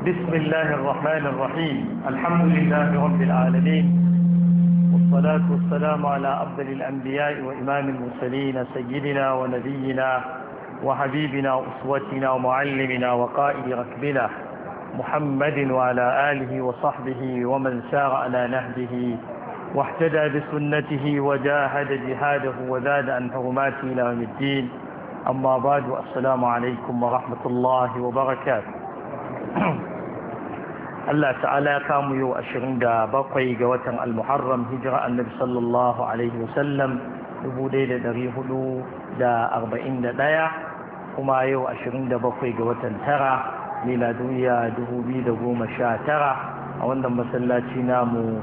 بسم الله الرحمن الرحيم الحمد لله رب العالمين والصلاة والسلام على أفضل الأنبياء وإمام المرسلين سيدنا ونبينا وحبيبنا وأسوتنا ومعلمنا وقائد ركبنا محمد وعلى آله وصحبه ومن سار على نهجه واحتدى بسنته وجاهد جهاده وزاد عن حرماته إلى يوم الدين أما بعد السلام عليكم ورحمة الله وبركاته Allah ta'ala ya kamu yau ashirin da bakwai ga watan al-muharram hijira annabi sallallahu alaihi wasallam ɗaya kuma yau ashirin da bakwai ga watan tara miladuniya tara a wannan masallaci namu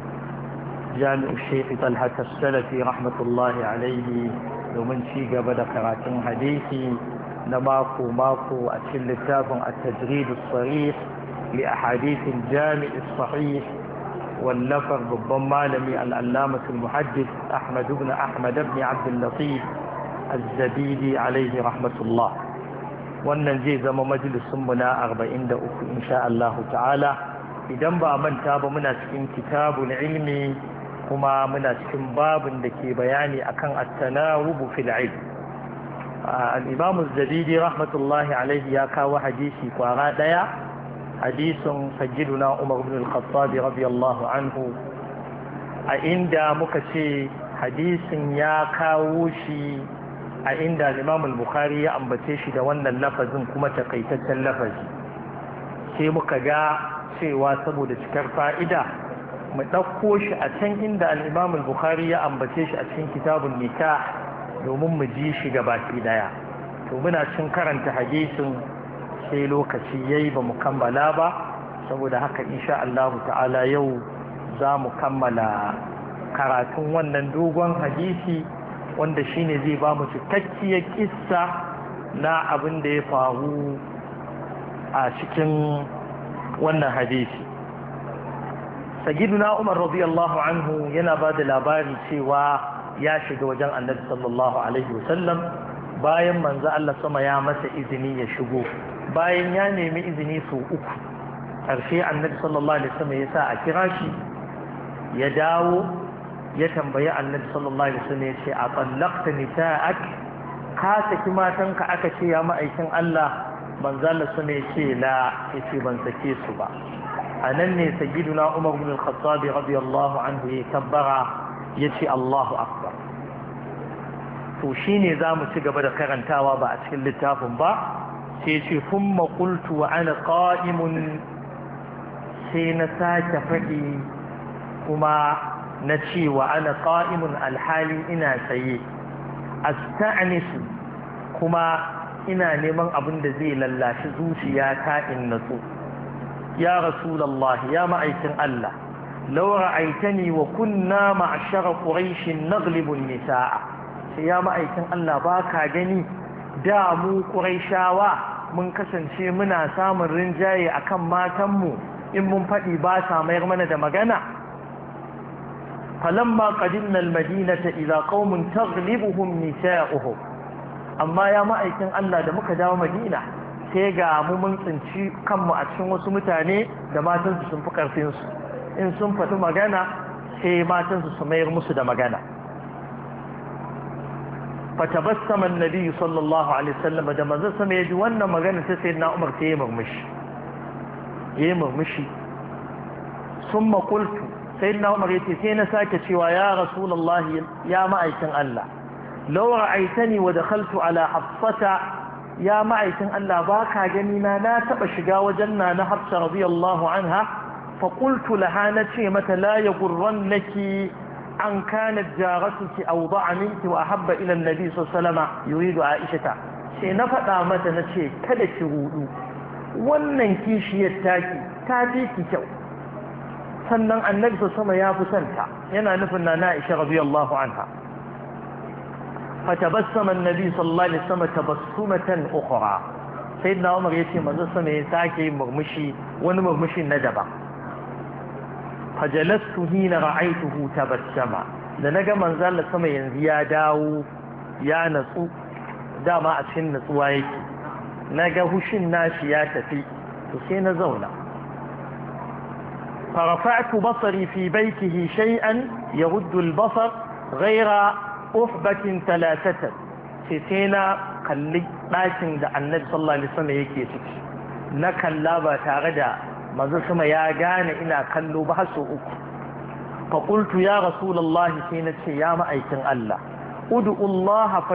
jami'u shekhi talhata salafi rahmatullahi alaihi domin ci gaba da karatun hadisi na mako-mako a cikin littafin a tajridu sarih لأحاديث الجامع الصحيح واللفظ بالضمان العلامة المحدث أحمد بن أحمد بن عبد اللطيف الزبيدي عليه رحمة الله wannan zai zama majalisunmu na 43 insha Allah ta'ala idan ba manta ba muna cikin kitabul ilmi kuma muna cikin babin da ke bayani akan at-tanawubu fil ilm al-imam az-zabidi rahmatullahi alayhi ya kawo hadisi kwara daya حديث سجدنا عمر بن الخطاب رضي الله عنه عند مكشي حديث يا كاوشي عند الإمام البخاري أم بتشي wannan lafazin kuma تقيتت lafazi sai muka ga cewa saboda cikar fa'ida mu ɗauko shi a can inda al'imam al-bukhari ya ambace shi a cikin kitabun nikah domin mu ji shi ga baki daya to muna cin karanta hadisin sai lokaci yayi ba mu kammala ba saboda haka insha Allah ta'ala yau za mu kammala karatun wannan dogon hadisi wanda shine zai ba mu cikakkiyar kissa na abin da ya faru a cikin wannan hadisi sagiduna umar radiyallahu anhu yana ba da labari cewa ya shiga wajen annabi sallallahu alaihi wasallam bayan manzo Allah sama ya masa izini ya shigo bayan ya nemi izini sau uku ƙarshe annabi sallallahu alaihi wasallam ya sa a kira shi ya dawo ya tambayi annabi sallallahu alaihi wasallam ya ce a tsallakta nisa'ak ka saki matanka aka ce ya ma'aikin Allah manzo Allah sun ya ce la ya ce ban sake su ba a nan ne sayyiduna Umar ibn al-Khattab radiyallahu anhu ya tabbara ya ce Allahu akbar to shine zamu ci gaba da karantawa ba a cikin littafin ba sai ce thumma qultu wa ana sai na sake faɗi kuma na ce wa ana ƙa'imun alhali ina tsaye asta'nisu kuma ina neman abin da zai lallashi zuciyata in natsu ya rasulullah ya ma'aikin Allah law ra'aitani wa kunna ma'shara quraish naghlibu an-nisaa ya ma'aikin Allah baka gani da mu ƙuraishawa mun kasance muna samun rinjaye a kan matanmu in mun faɗi ba sa mayar mana da magana falamma qadimna almadinata idza qaumun taghlibuhum nisa'uhu amma ya ma'aikin Allah da muka dawo Madina sai ga mu mun tsinci kanmu a cikin wasu mutane da matansu sun fi karfin in sun faɗi magana sai matansu su mayar musu da magana فتبسم النبي صلى alaihi عليه da manzon sama yaji wannan magana sai sayyidina Umar sai murmushi ya murmushi summa qultu sayyidina Umar yace sai na sake cewa ya rasulullah ya ma'aikin Allah law ra'aitani wa dakhaltu ala hafsata ya ma'aikin Allah baka gani na na taba shiga wajen na na hafsa radiyallahu anha fa qultu laha nace mata la yaghurrannaki an kana جارتك أوضع منك a إلى النبي صلى الله عليه وسلم يريد sai na faɗa mata na ce kada ki rudu wannan kishiyar taki ta fi ki kyau sannan annabi sama ya fi santa yana nufin na na isha radiyallahu anha fatabassama annabi sallallahu alaihi wasallam tabassumatan ukhra sayyidina umar yace manzo sama ya sake murmushi wani murmushin na daban fajalastu hina ra'aituhu tabassama da naga manzon sama yanzu ya dawo ya natsu dama a cikin natsuwa yake naga hushin nashi ya tafi to sai na zauna فرفعت بصري في بيته شيئا يغد البصر غير أحبة ثلاثة سيسينا قلت لكن دع النبي صلى الله عليه وسلم يكيسك نكلا بتاغدا manzo sama ya gane ina kallo ba har uku faƙultu ya rasulullah sai na ce ya ma'aikin Allah ud'u Allah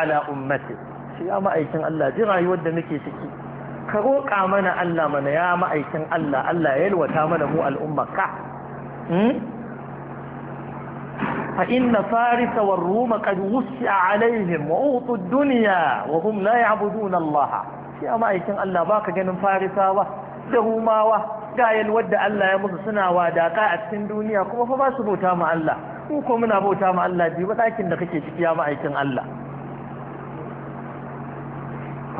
ala ummati sai ya ma'aikin Allah ji rayuwar da muke ciki ka roƙa mana Allah mana ya ma'aikin Allah Allah ya yalwata mana mu al'umma ka hmm? fa inna faris war rum qad wusi'a alaihim wa utu ad-dunya wa hum la ya'buduna Allah sai ma'aikin Allah baka ganin farisa ba. waddahu mawa ga yalwar Allah ya musu suna wadaka a cikin duniya kuma fa ba su bauta ma Allah mu ko muna bauta ma Allah ji ba da kake ciki ya ma'aikin Allah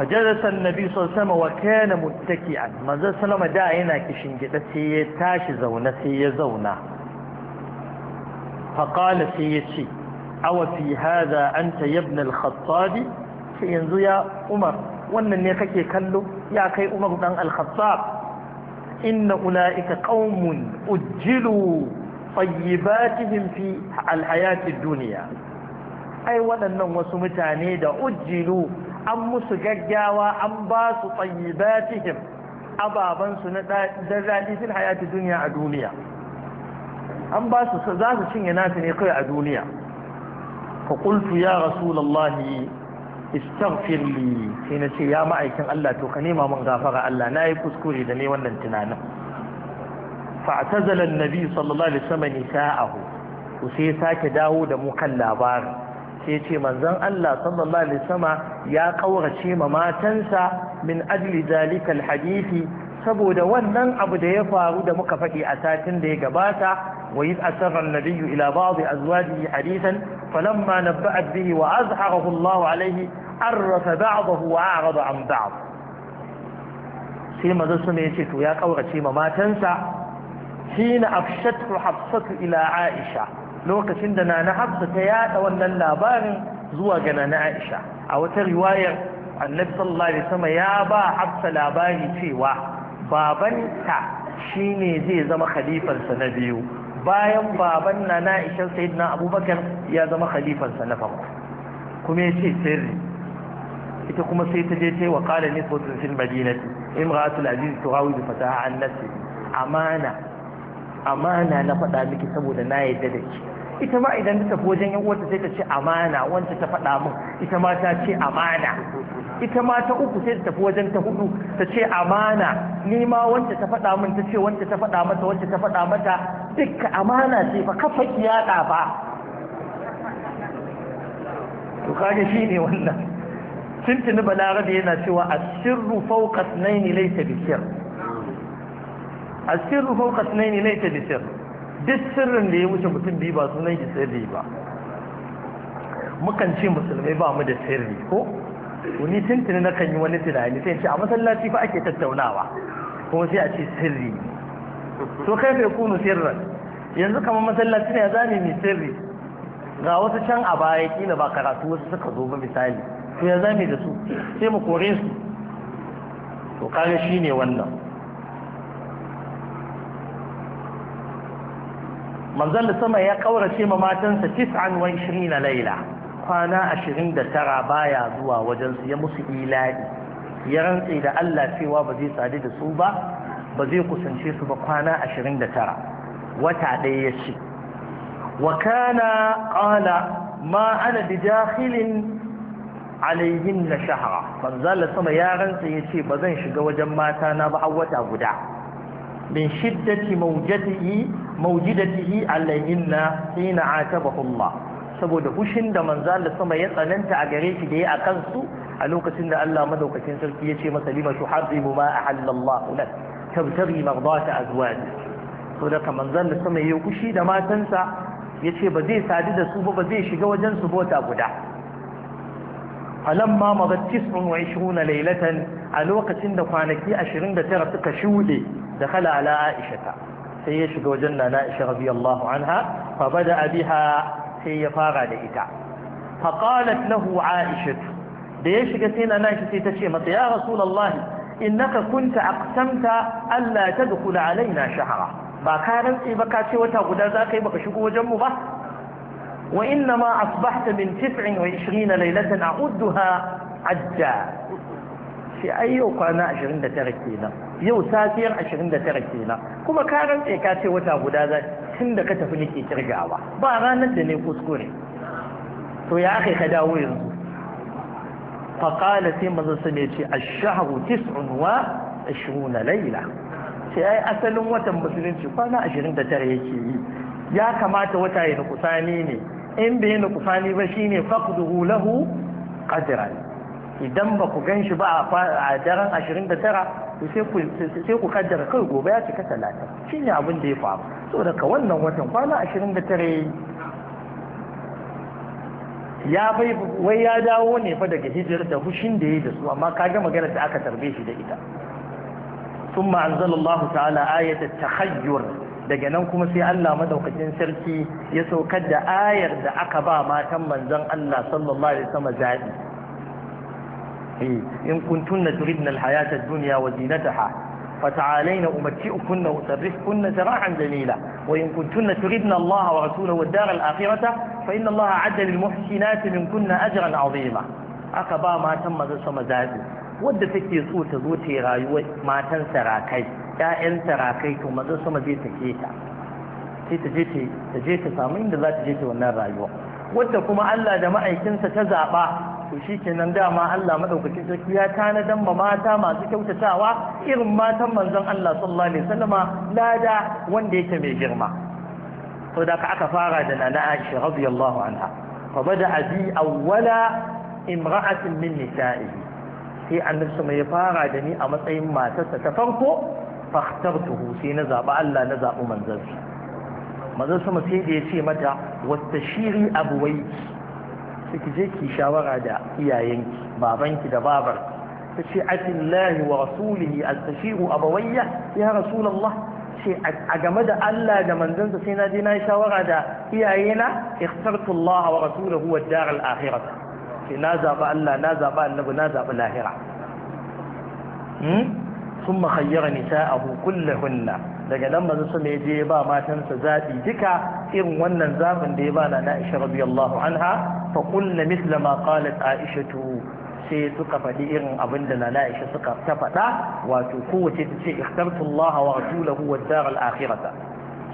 fajarasa annabi sallallahu alaihi wasallam wa kana muttaki'an manzo sallama da yana kishin gida sai ya tashi zauna sai ya zauna fa qala sai ya ce awa fi hadha anta ya ibn al-khattabi sai yanzu ya umar wannan ne kake kallo ya kai umar dan al-khattab inna ula'ika qaumun ujjilu tayyibatihim fi alhayatid dunya ai waɗannan wasu mutane da ujjilu an musu gaggawa an basu su tayyibatihim ababan su na dadi fil hayatid a duniya an ba su za su cinye nasu ne kai a duniya fa kultu ya rasulullahi istaghfir li sai na ce ya ma'aikin Allah to ka nema min gafara Allah na yi kuskure da ne wannan tunanin fa'tazala annabi sallallahu alaihi wasallam nisa'ahu to sai ya sake dawo da mu kan labarin sai ce manzon Allah sallallahu alaihi wasallam ya kaurace ma matansa min ajli zalika alhadisi saboda wannan abu da ya faru da muka faɗi a satin da ya gabata wa yi asarar nabiyu ila ba'adu azwajihi hadisan falamma nabba'at bihi wa azharahu Allah alaihi arrafa ba'dahu wa a'rada an ba'd sai maza su ne to ya kaurace ma matansa hina afshatu hafsatu ila aisha lokacin da na hafsa ta yaɗa wannan labarin zuwa ga na aisha a wata riwayar annabi sallallahu alaihi wasallam ya ba hafsa labari cewa babanta shi ne zai zama khalifarsa na biyu bayan baban na na'ishar sayyidina abubakar ya zama khalifarsa na farko kuma ya ce sirri ita kuma sai ta je yi wa qala nisbatun fil madinati imra'atul aziz turawidu fataha an nafsi amana amana na faɗa miki saboda na yadda da ita ma idan ta tafi wajen yan uwarta sai ta ce amana wanda ta faɗa min ita ma ta ce amana ita ma ta uku sai ta tafi wajen ta hudu ta ce amana ni ma wanda ta faɗa min ta ce wanda ta faɗa mata wanda ta faɗa mata dukka amana ce fa kafa kiyaɗa ba to shi ne wannan tuntuni balarabe yana cewa asirru fawqa laysa bisir asirru fawqa laysa bisir duk sirrin da ya wuce mutum biyu ba sunan shi sirri ba mukan ce musulmai ba mu da sirri ko wani tuntuni na kan yi wani tunani sai ce a masallaci fa ake tattaunawa kuma sai a ce sirri to kai bai kunu sirrin yanzu kamar masallaci ne ya zame mai sirri ga wasu can a baya kila ba karatu wasu suka zo ba misali to ya zame da su sai mu kore su to kare shi wannan manzon da sama ya ce ma matansa na laila kwana 29 baya zuwa wajen siya ya musu ilahi ya rantse da Allah cewa ba zai sadu da su ba ba zai kusance su ba kwana tara. wata ɗaya ya ce wa kana qala ma ana jahilin, Alayyin na shahara manzon da sama ya rantse ya ce ba zan shiga wajen mata na ba a wata guda min shiddati mawjatihi mawjidatihi alayhinna hina atabahu Allah saboda kushin da manzo Allah sama ya tsananta a gare shi da ya akan su a lokacin da Allah madaukakin sarki ya ce masa lima tuharrimu ma a lak tabtaghi mardata azwajik to da kaman sama ya kushi da matansa yace ba zai sadu da su ba ba zai shiga wajen su bota guda ma madat tis'un wa ishruna laylatan a lokacin da kwanaki 29 suka shude da kala ala aisha sai ya shiga wajen nana aisha radiyallahu anha fa bada biha sai ya fara da ita fa qalat lahu aisha da ya shiga sai nana aisha sai ta ce masa ya rasulullahi innaka kunta aqsamta alla tadkhul alaina shahra ba ka rantsi ba ka ce wata guda za ka yi baka shigo wajen mu ba وإنما أصبحت من 29 ليلة أعدها عدا في أي قناة 20 تركينا yau safiyar 29 kuma ka rantse ka ce wata guda za tun da ka tafi nake kirgawa ba ranar da ne kuskure to ya aka ka dawo yanzu faƙala sai mazan su ne asalin watan musulunci kwana 29 yake yi ya kamata wata ya nukusani ne in bai nuqsani ba shi shine faqduhu lahu qadran idan ba ku gan shi ba a daren 29 sai ku kaddara kai gobe ya cika talatin shi ne abin da ya faru so daga wannan watan kwana 29 ya bai wai ya dawo ne fa daga hijirar da hushin da ya da su amma ka gama magana da aka tarbe shi da ita ثم أنزل taala تعالى ta hayyar daga nan kuma sai Allah madaukakin sarki ya saukar da ayar da aka ba matan manzon Allah sallallahu alaihi wasallam zabi eh, in kuntunna turidna alhayata ad-dunya wa zinataha فتعالين أمتئكن وأسرحكن سراحا جميلا وإن كنتن تردن الله ورسوله والدار الآخرة فإن الله عد للمحسنات منكن أجرا عظيما أقبا ما تم ذا wadda take فكي صوت ذوتي رايوة ما matan راكي Ya'yan sarakai to maza sama zai take ta sai ta je ta je ta samu inda za ta je ta wannan rayuwa wadda kuma Allah da ma'aikinsa ta zaɓa to shi kenan dama Allah maɗaukacin sarki ya tanadan ma mata masu kyautatawa irin matan manzon Allah sallallahu alaihi wasallama lada wanda yake mai girma to da aka fara da nana Aisha radiyallahu anha fa bada abi awwala imra'atin min nisa'ihi sai annabi ya fara da ni a matsayin matarsa ta farko fahtartuhu sai na zaɓi Allah na zaɓi manzansa manzan sama sai da ya ce mata wata shiri abu suke je ki shawara da iyayenki babanki da babar ta ce ati lahi wa rasulihi al tashiru abawayya ya rasul Allah a game da Allah da manzansa sai na je na shawara da iyayena ikhtartu Allah wa rasulahu wa dar al akhirah na zaɓi Allah na zaɓi annabi na zaɓi lahira ثم خير نساءه كلهن daga nan manzo sun ya je ba matansa zaɓi duka irin wannan zabin da ya bana na na'isha radiyallahu anha fa qulna mithla ma qalat Aisha sai suka faɗi irin abin da na suka ta faɗa wato kowace ta ce ikhtartu Allah wa rasulahu wa dar al akhirata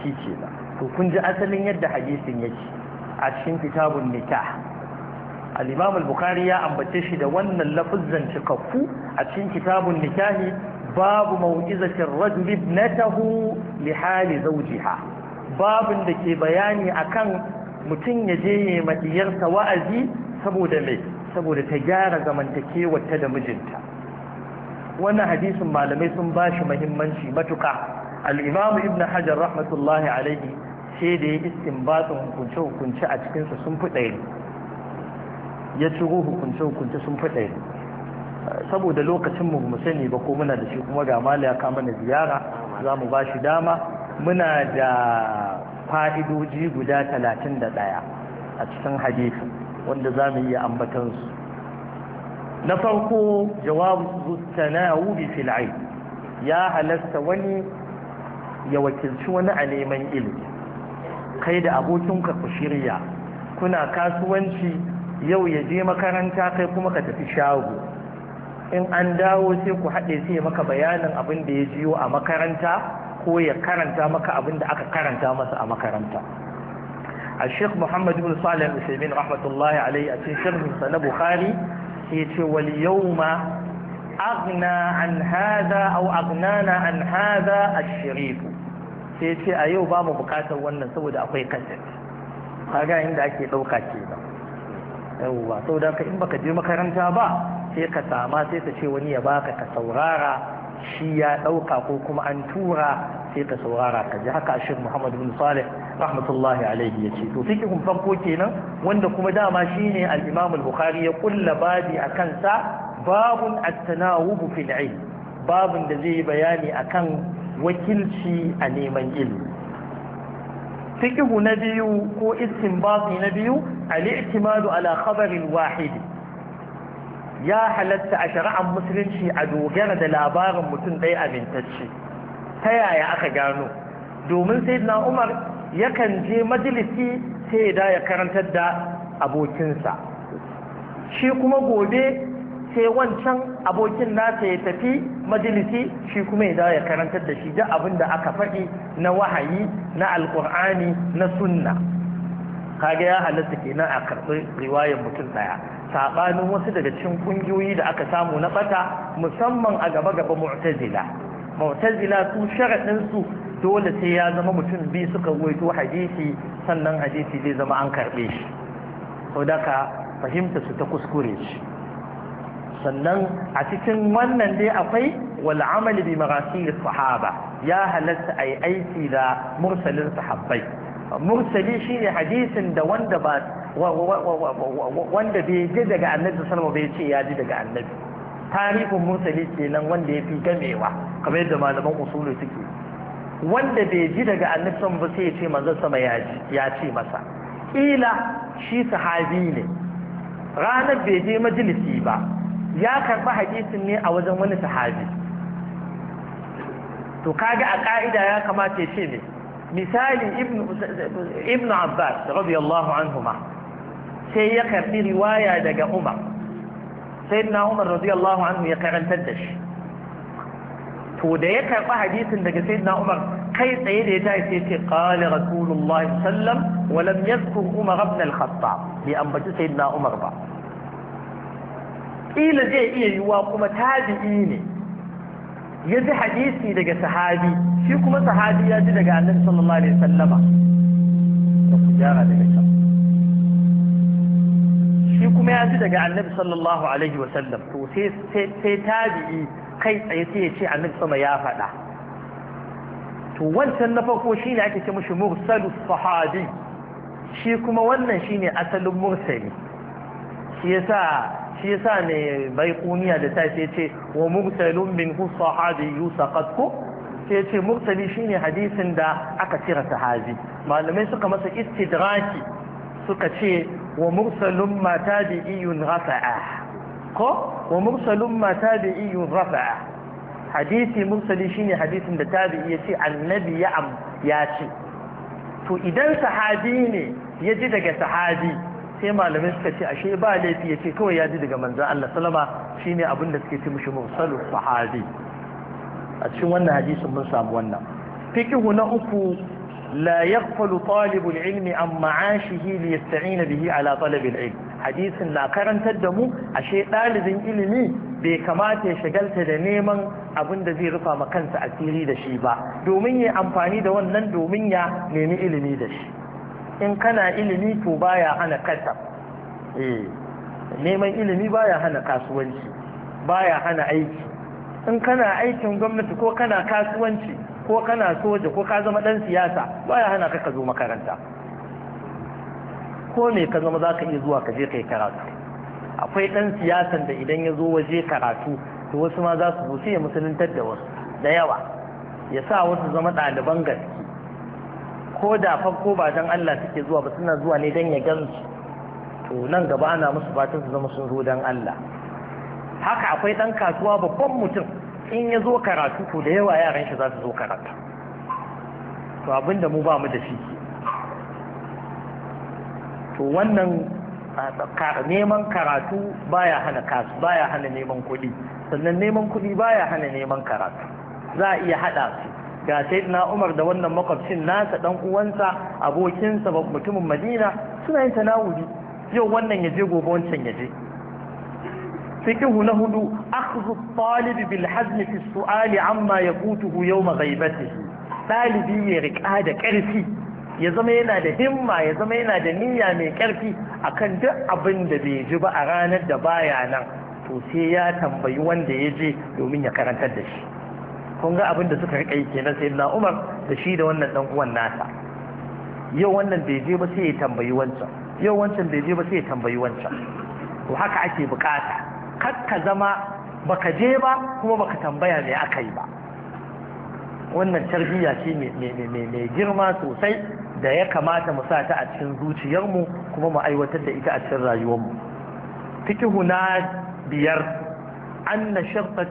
shi ce ba to kun ji asalin yadda hadisin yake a cikin kitabun nikah al-Imam al-Bukhari ya ambace shi da wannan lafuzzan cikakku a cikin kitabun nikahi babu mau'izatin rajul na li hali zawjiha babin da ke bayani akan mutum ya je ya madiyarsa wa'azi saboda mai saboda ta gyara zamantakewarta da mijinta wannan hadisin malamai sun bashi muhimmanci matuka al-imam ibn hajar rahmatullahi alaihi sai da ya istinbatsin hukunce hukunce a cikinsa sun fi ɗaya ya ciro hukunce hukunce sun fi ɗaya saboda lokacin mu sani ba ko muna da shi kuma ga mala ya kama na ziyara za mu ba shi dama muna da fa'idoji guda talatin da ɗaya a cikin hadisi wanda za mu yi ambatansu na farko jawabu tanawubi fil ya halasta wani ya wakilci wani a neman ilimi kai da abokinka ku shirya kuna kasuwanci yau ya je makaranta kai kuma ka tafi shago in an dawo sai ku haɗe sai ya maka bayanin abin da ya jiyo a makaranta ko ya karanta maka abin da aka karanta masa a makaranta a sheikh muhammad bin salim usaimin rahmatullahi alayhi a cikin sharhinsa na bukhari sai ce wal yawma aghna an hada aw aghnana an hada ash-sharif sai ce a yau ba mu bukatar wannan saboda akwai kaset kaga inda ake dauka kenan yawwa saboda ka in baka je makaranta ba sai ka sama sai ka ce wani ya baka ka saurara shi ya ɗauka ko kuma an tura sai ka saurara ka ji haka shirin Muhammad bin Salih rahmatullahi alaihi ya ce to fikihun farko kenan wanda kuma dama shine al-Imam bukhari ya kulla babi akan sa babun at-tanawub fil ilm babun da zai bayani akan wakilci a neman ilmi fikihu na biyu ko istinbati na biyu al-i'timadu ala khabarin wahidi ya halatta a shari'ar musulunci a dogara da labarin mutum ɗaya amintacce ta yaya aka gano domin sai na umar yakan je majalisi sai ya daya karantar da abokinsa shi kuma gobe sai wancan abokin nasa ya tafi majalisi shi kuma ya ya karantar da shi da abin da aka faɗi na wahayi na alkur'ani na sunna kaga ya halatta kenan a karɓi riwayar mutum ɗaya saɓanin wasu daga cikin ƙungiyoyi da aka samu na bata musamman a gaba-gaba mu'tazila mu'tazila su sharaɗinsu dole sai ya zama mutum biyu suka ruwaito hadisi sannan hadisi zai zama an karɓe shi sau da fahimta su ta kuskure shi sannan a cikin wannan dai akwai wal amali bi marasili sahaba ya halatta ai aiki da mursalin sahabbai mursali shine hadisin da wanda ba wanda bai ji daga annabi sallama bai ce ya ji daga annabi tarihin mursali kenan wanda ya fi gamewa kamar yadda malaman usulu suke wanda bai ji daga annabi sallama ba sai ya ce manzon sama ya ce masa ila shi sahabi ne ranar bai je majalisi ba ya karɓi hadisin ne a wajen wani sahabi to kaga a ka'ida ya kamata ya ce ne misali ibnu abbas radiyallahu ma. sai ya karbi riwaya daga Umar na Umar radiyallahu anhu ya karantar da shi to da ya karba hadisin daga na Umar kai tsaye da ya tashi sai ce qala rasulullah sallam wa lam yadhkur Umar ibn al-Khattab bi ambaci na Umar ba kila zai iya yiwa kuma tabi'i ne ya ji hadisi daga sahabi shi kuma sahabi ya ji daga annabi sallallahu alaihi wasallama da ku gyara daga can kuma ya ji daga annabi sallallahu alaihi wasallam to sai tabi'i kai tsaye sai ya ce annabi sama ya faɗa to wancan na farko shine ake ce mashi mursalu sahabi shi kuma wannan shine asalin mursali shi yasa shi yasa ne bai kuniya da ta ce ce wa mursalun min hu sahabi yusaqatku sai ce mursali shine hadisin da aka cire sahabi malamai suka masa istidraki suka ce wa mursalun ma iyun rafa'a ko wa mursalun ma iyun rafa'a hadisi mursali shine hadisin da tabi'i yace annabi ya am ya ce to idan sahabi ne ya ji daga sahabi sai malamai suka ce ashe ba laifi ya kawai ya ji daga manzan Allah salama shine ne abin da suke ce mushi mursalun sahabi a cikin wannan hadisin mun samu wannan fikihu na uku Layar falufalibun ilmi an mu'ashi hilis ta'inabihi alaƙa labin in hadisin na karantar da mu ashe dalibin ilimi bai kamata ya shagalta da neman abin da zai rufa ma kansa a sirri da shi ba domin ya yi amfani da wannan domin ya nemi ilimi da shi in kana ilimi to ba ya hana ƙasa neman ilimi ba hana kasuwanci ba hana aiki in kana aikin gwamnati ko kana kasuwanci. ko kana soja ko ka zama ɗan siyasa ba ya hana ka zo makaranta ko me ka zama za ka iya zuwa ka je ka yi karatu akwai ɗan siyasan da idan ya zo waje karatu to wasu ma za su zo sai ya musuluntar da wasu da yawa ya sa wasu zama ɗaliban gaske ko da farko ba dan Allah suke zuwa ba suna zuwa ne dan ya su to nan gaba ana musu fatan su zama sun zo dan Allah haka akwai ɗan kasuwa babban mutum in ya zo karatu ko da yawa yaran shi za su zo karatu to abinda mu ba mu da shi to wannan neman karatu baya hana kasu baya hana neman kuɗi sannan neman kuɗi baya hana neman karatu za a iya haɗa su ga sayyidina Umar da wannan makwabcin nasa dan uwansa abokinsa mutumin Madina suna yin tanawudi yau wannan ya je gobe wancan ya je فقه نهد أخذ الطالب بالحزم في السؤال عما يفوته يوم غيبته ɗalibi ya riƙa da ƙarfi ya zama yana da himma ya zama yana da niyya mai ƙarfi akan duk abin da bai ji ba a ranar da baya nan to sai ya tambayi wanda ya je domin ya karantar da shi kun ga abin da suka riƙa yi kenan sai na umar da shi da wannan dan uwan nasa yau wannan bai je ba sai ya tambayi wancan yau wancan bai je ba sai ya tambayi wancan to haka ake bukata ka zama baka je ba kuma baka tambaya me aka yi ba wannan tarbiyya ce mai girma sosai da ya kamata mu sa ta a cikin zuciyarmu kuma mu aiwatar da ita a cikin rayuwarmu fikihuna biyar an na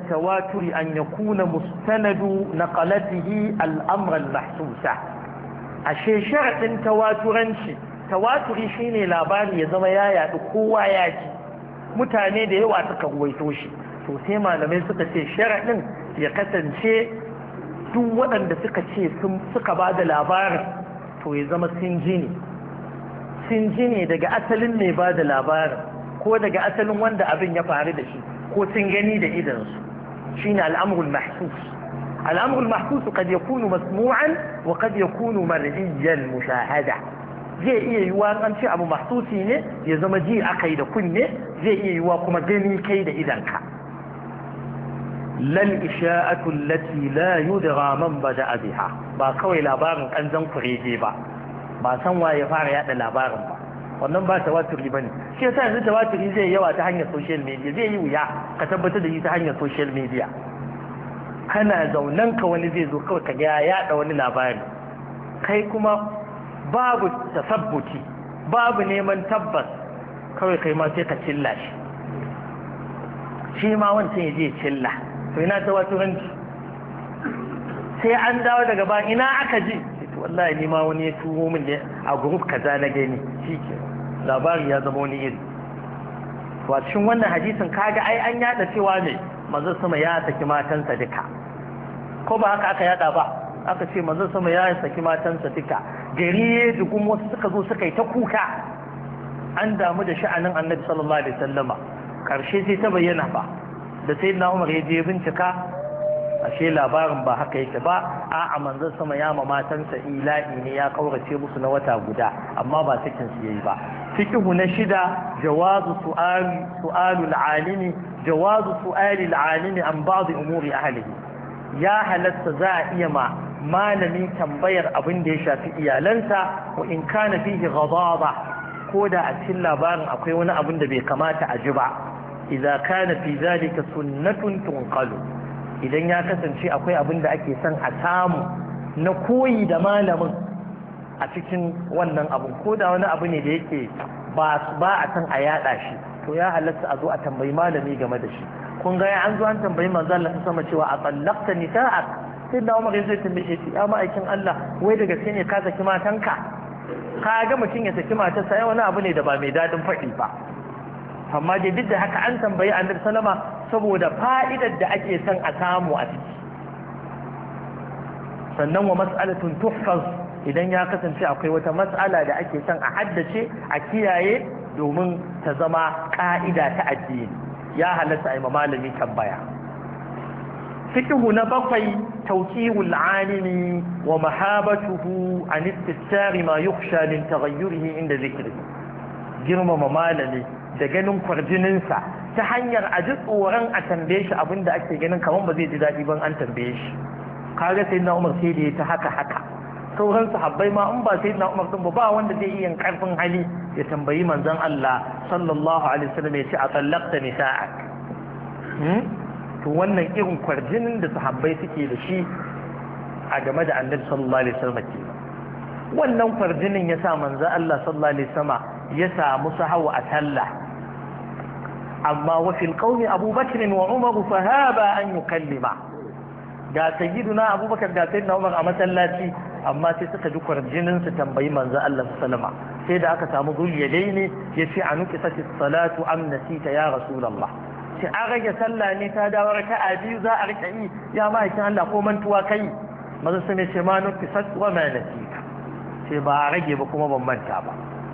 tawaturi an ya kuna mustanadu na kalatihi al’amuran mahsusa Ashe shekarar tawaturanci tawaturi shine labari ya zama ya yaɗu kowa yaki. mutane da yawa suka ruwaito shi to sai malamai suka ce sharaɗin ya kasance duk waɗanda suka ce suka ba da labarin to ya zama sun ji ne sun ji ne daga asalin mai ba da labarin ko daga asalin wanda abin ya faru da shi ko sun gani da idansu shine al'amrul mahsus الأمر المحسوس قد يكون wa وقد يكون مرئيا مشاهدة zai iya yiwuwa an ce abu mahsusi ne ya zama ji aka yi da kunne zai iya yiwuwa kuma gani kai da idanka lal isha'atu lati la yudra man bada biha ba kawai labarin kanzan kurege ba ba san waye fara yada labarin ba wannan ba riba bane shi yasa yanzu tawaturi zai yawa ta hanyar social media zai yi wuya ka tabbatar da shi ta hanyar social media kana zaunan ka wani zai zo kawai ka ga ya yada wani labari kai kuma babu tasabbuti babu neman tabbas kawai kai ma sai ka cilla shi shi ma wancan ya je cilla to ina ta wato hanci sai an dawo daga ba ina aka ji to wallahi ni ma wani ya tuho min ne a group kaza na gani ke labari ya zama wani iri wa cikin wannan hadisin kaga ai an yada cewa ne manzo sama ya saki matansa duka ko ba haka aka yada ba aka ce manzon sama ya saki matansa duka gari ya dugun wasu suka zo suka yi ta kuka an damu da sha'anin annabi sallallahu alaihi wasallama karshe sai ta bayyana ba da sai na umar ya je bincika ashe labarin ba haka yake ba a'a manzon sama ya ma matansa ila'i ne ya kaurace musu na wata guda amma ba sakin su yayi ba fiqhu na shida jawazu su'al su'alul alimi jawazu su'alil alimi an ba'd umuri ahlihi ya halatta za a iya ma malami tambayar abin da ya shafi iyalansa wa in kana fihi ghadaba ko da a cikin labarin akwai wani abin da bai kamata a ji ba idza kana fi zalika sunnatun tunqalu idan ya kasance akwai abin da ake son a samu na koyi da malamin a cikin wannan abin ko da wani abu ne da yake ba a san a yada shi to ya halatta a zo a tambayi malami game da shi kun ga an zo an tambayi manzo Allah sama cewa a tsallakta nisa'ak sai da umar zai tambaye shi ya ma'aikin Allah wai daga sai ne ka saki matanka ka ga mutum ya saki matarsa ya wani abu ne da ba mai dadin faɗi ba amma dai duk da haka an tambayi annabi sallama saboda fa'idar da ake son a samu a ciki sannan wa mas'alatun tuhfaz idan ya kasance akwai wata mas'ala da ake son a haddace a kiyaye domin ta zama ka'ida ta addini ya halatta a malami tambaya fikihu na bakwai tauqihul alimi wa mahabatuhu an istisari ma yukhsha min taghayyurihi inda zikri girmama malami da ganin kwarjininsa ta hanyar a ji tsoron a tambaye shi abin ake ganin kamar ba zai ji daɗi ban an tambaye shi kaga sai na umar sai da ya ta haka haka sauran sahabbai ma in ba sai umar din ba ba wanda zai iya karfin hali ya tambayi manzon Allah sallallahu alaihi wasallam ya ce a da nisa'a. Hmm? to wannan irin kwarjinin da sahabbai suke da shi a game da annabi sallallahu alaihi wasallam ke wannan kwarjinin ya sa manzo Allah sallallahu alaihi wasallam ya samu sahawa a sallah amma wa fil qawmi abubakr wa umar fa haba an yukallima ga sayyiduna abubakar ga sayyidina umar a masallaci amma sai suka ji kwarjinin su tambayi manzo Allah sallama sai da aka samu zuliyadai ne yace anuki sati salatu am nasita ya rasulullah ce an rage sallah ne ta dawo raka a biyu za a rika yi ya ma'aikin Allah ko mantuwa kai maza su ne ce ma nufi sattuwa mai nasika ce ba a rage ba kuma ban manta ba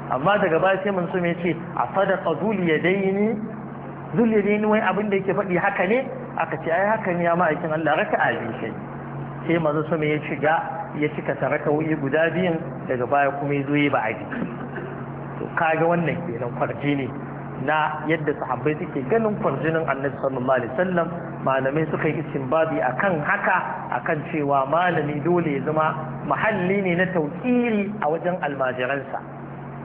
amma daga baya sai mun su ne ce a sadaka zuliya daini zuliya daini wai abin da yake faɗi haka ne aka ce ai haka ne ya ma'aikin Allah raka a biyu kai sai maza su ya shiga ya cika taraka wuyi guda biyun daga baya kuma ya zo yi ba a jiki to kaga wannan kenan kwarje ne na yadda sahabbai suke ganin kwarjinan annabi sallallahu alaihi wasallam malamai suka yi istinbabi akan haka akan cewa malami dole ya zama mahalli ne na tauƙiri a wajen almajiransa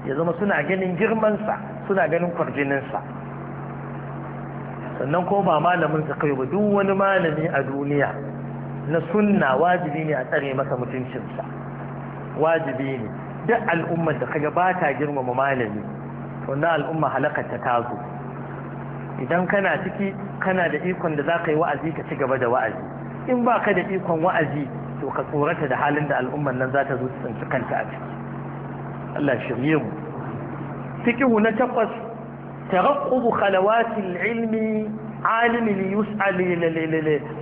ya zama suna ganin girmansa suna ganin sa sannan ko ba malamin sa kai ba duk wani malami a duniya na sunna wajibi ne a tsare masa mutuncinsa wajibi ne duk al'ummar da kaga ba ta girmama malami wannan al'umma halakar ta zo idan kana ciki kana da ikon da za ka yi wa'azi ka ci gaba da wa'azi in ba ka da ikon wa'azi to ka tsorata da halin da al'umman nan za ta zo tsinci kanta a ciki Allah shirye mu fikihu na takwas taraqqubu khalawatil ilmi عالم ليسأل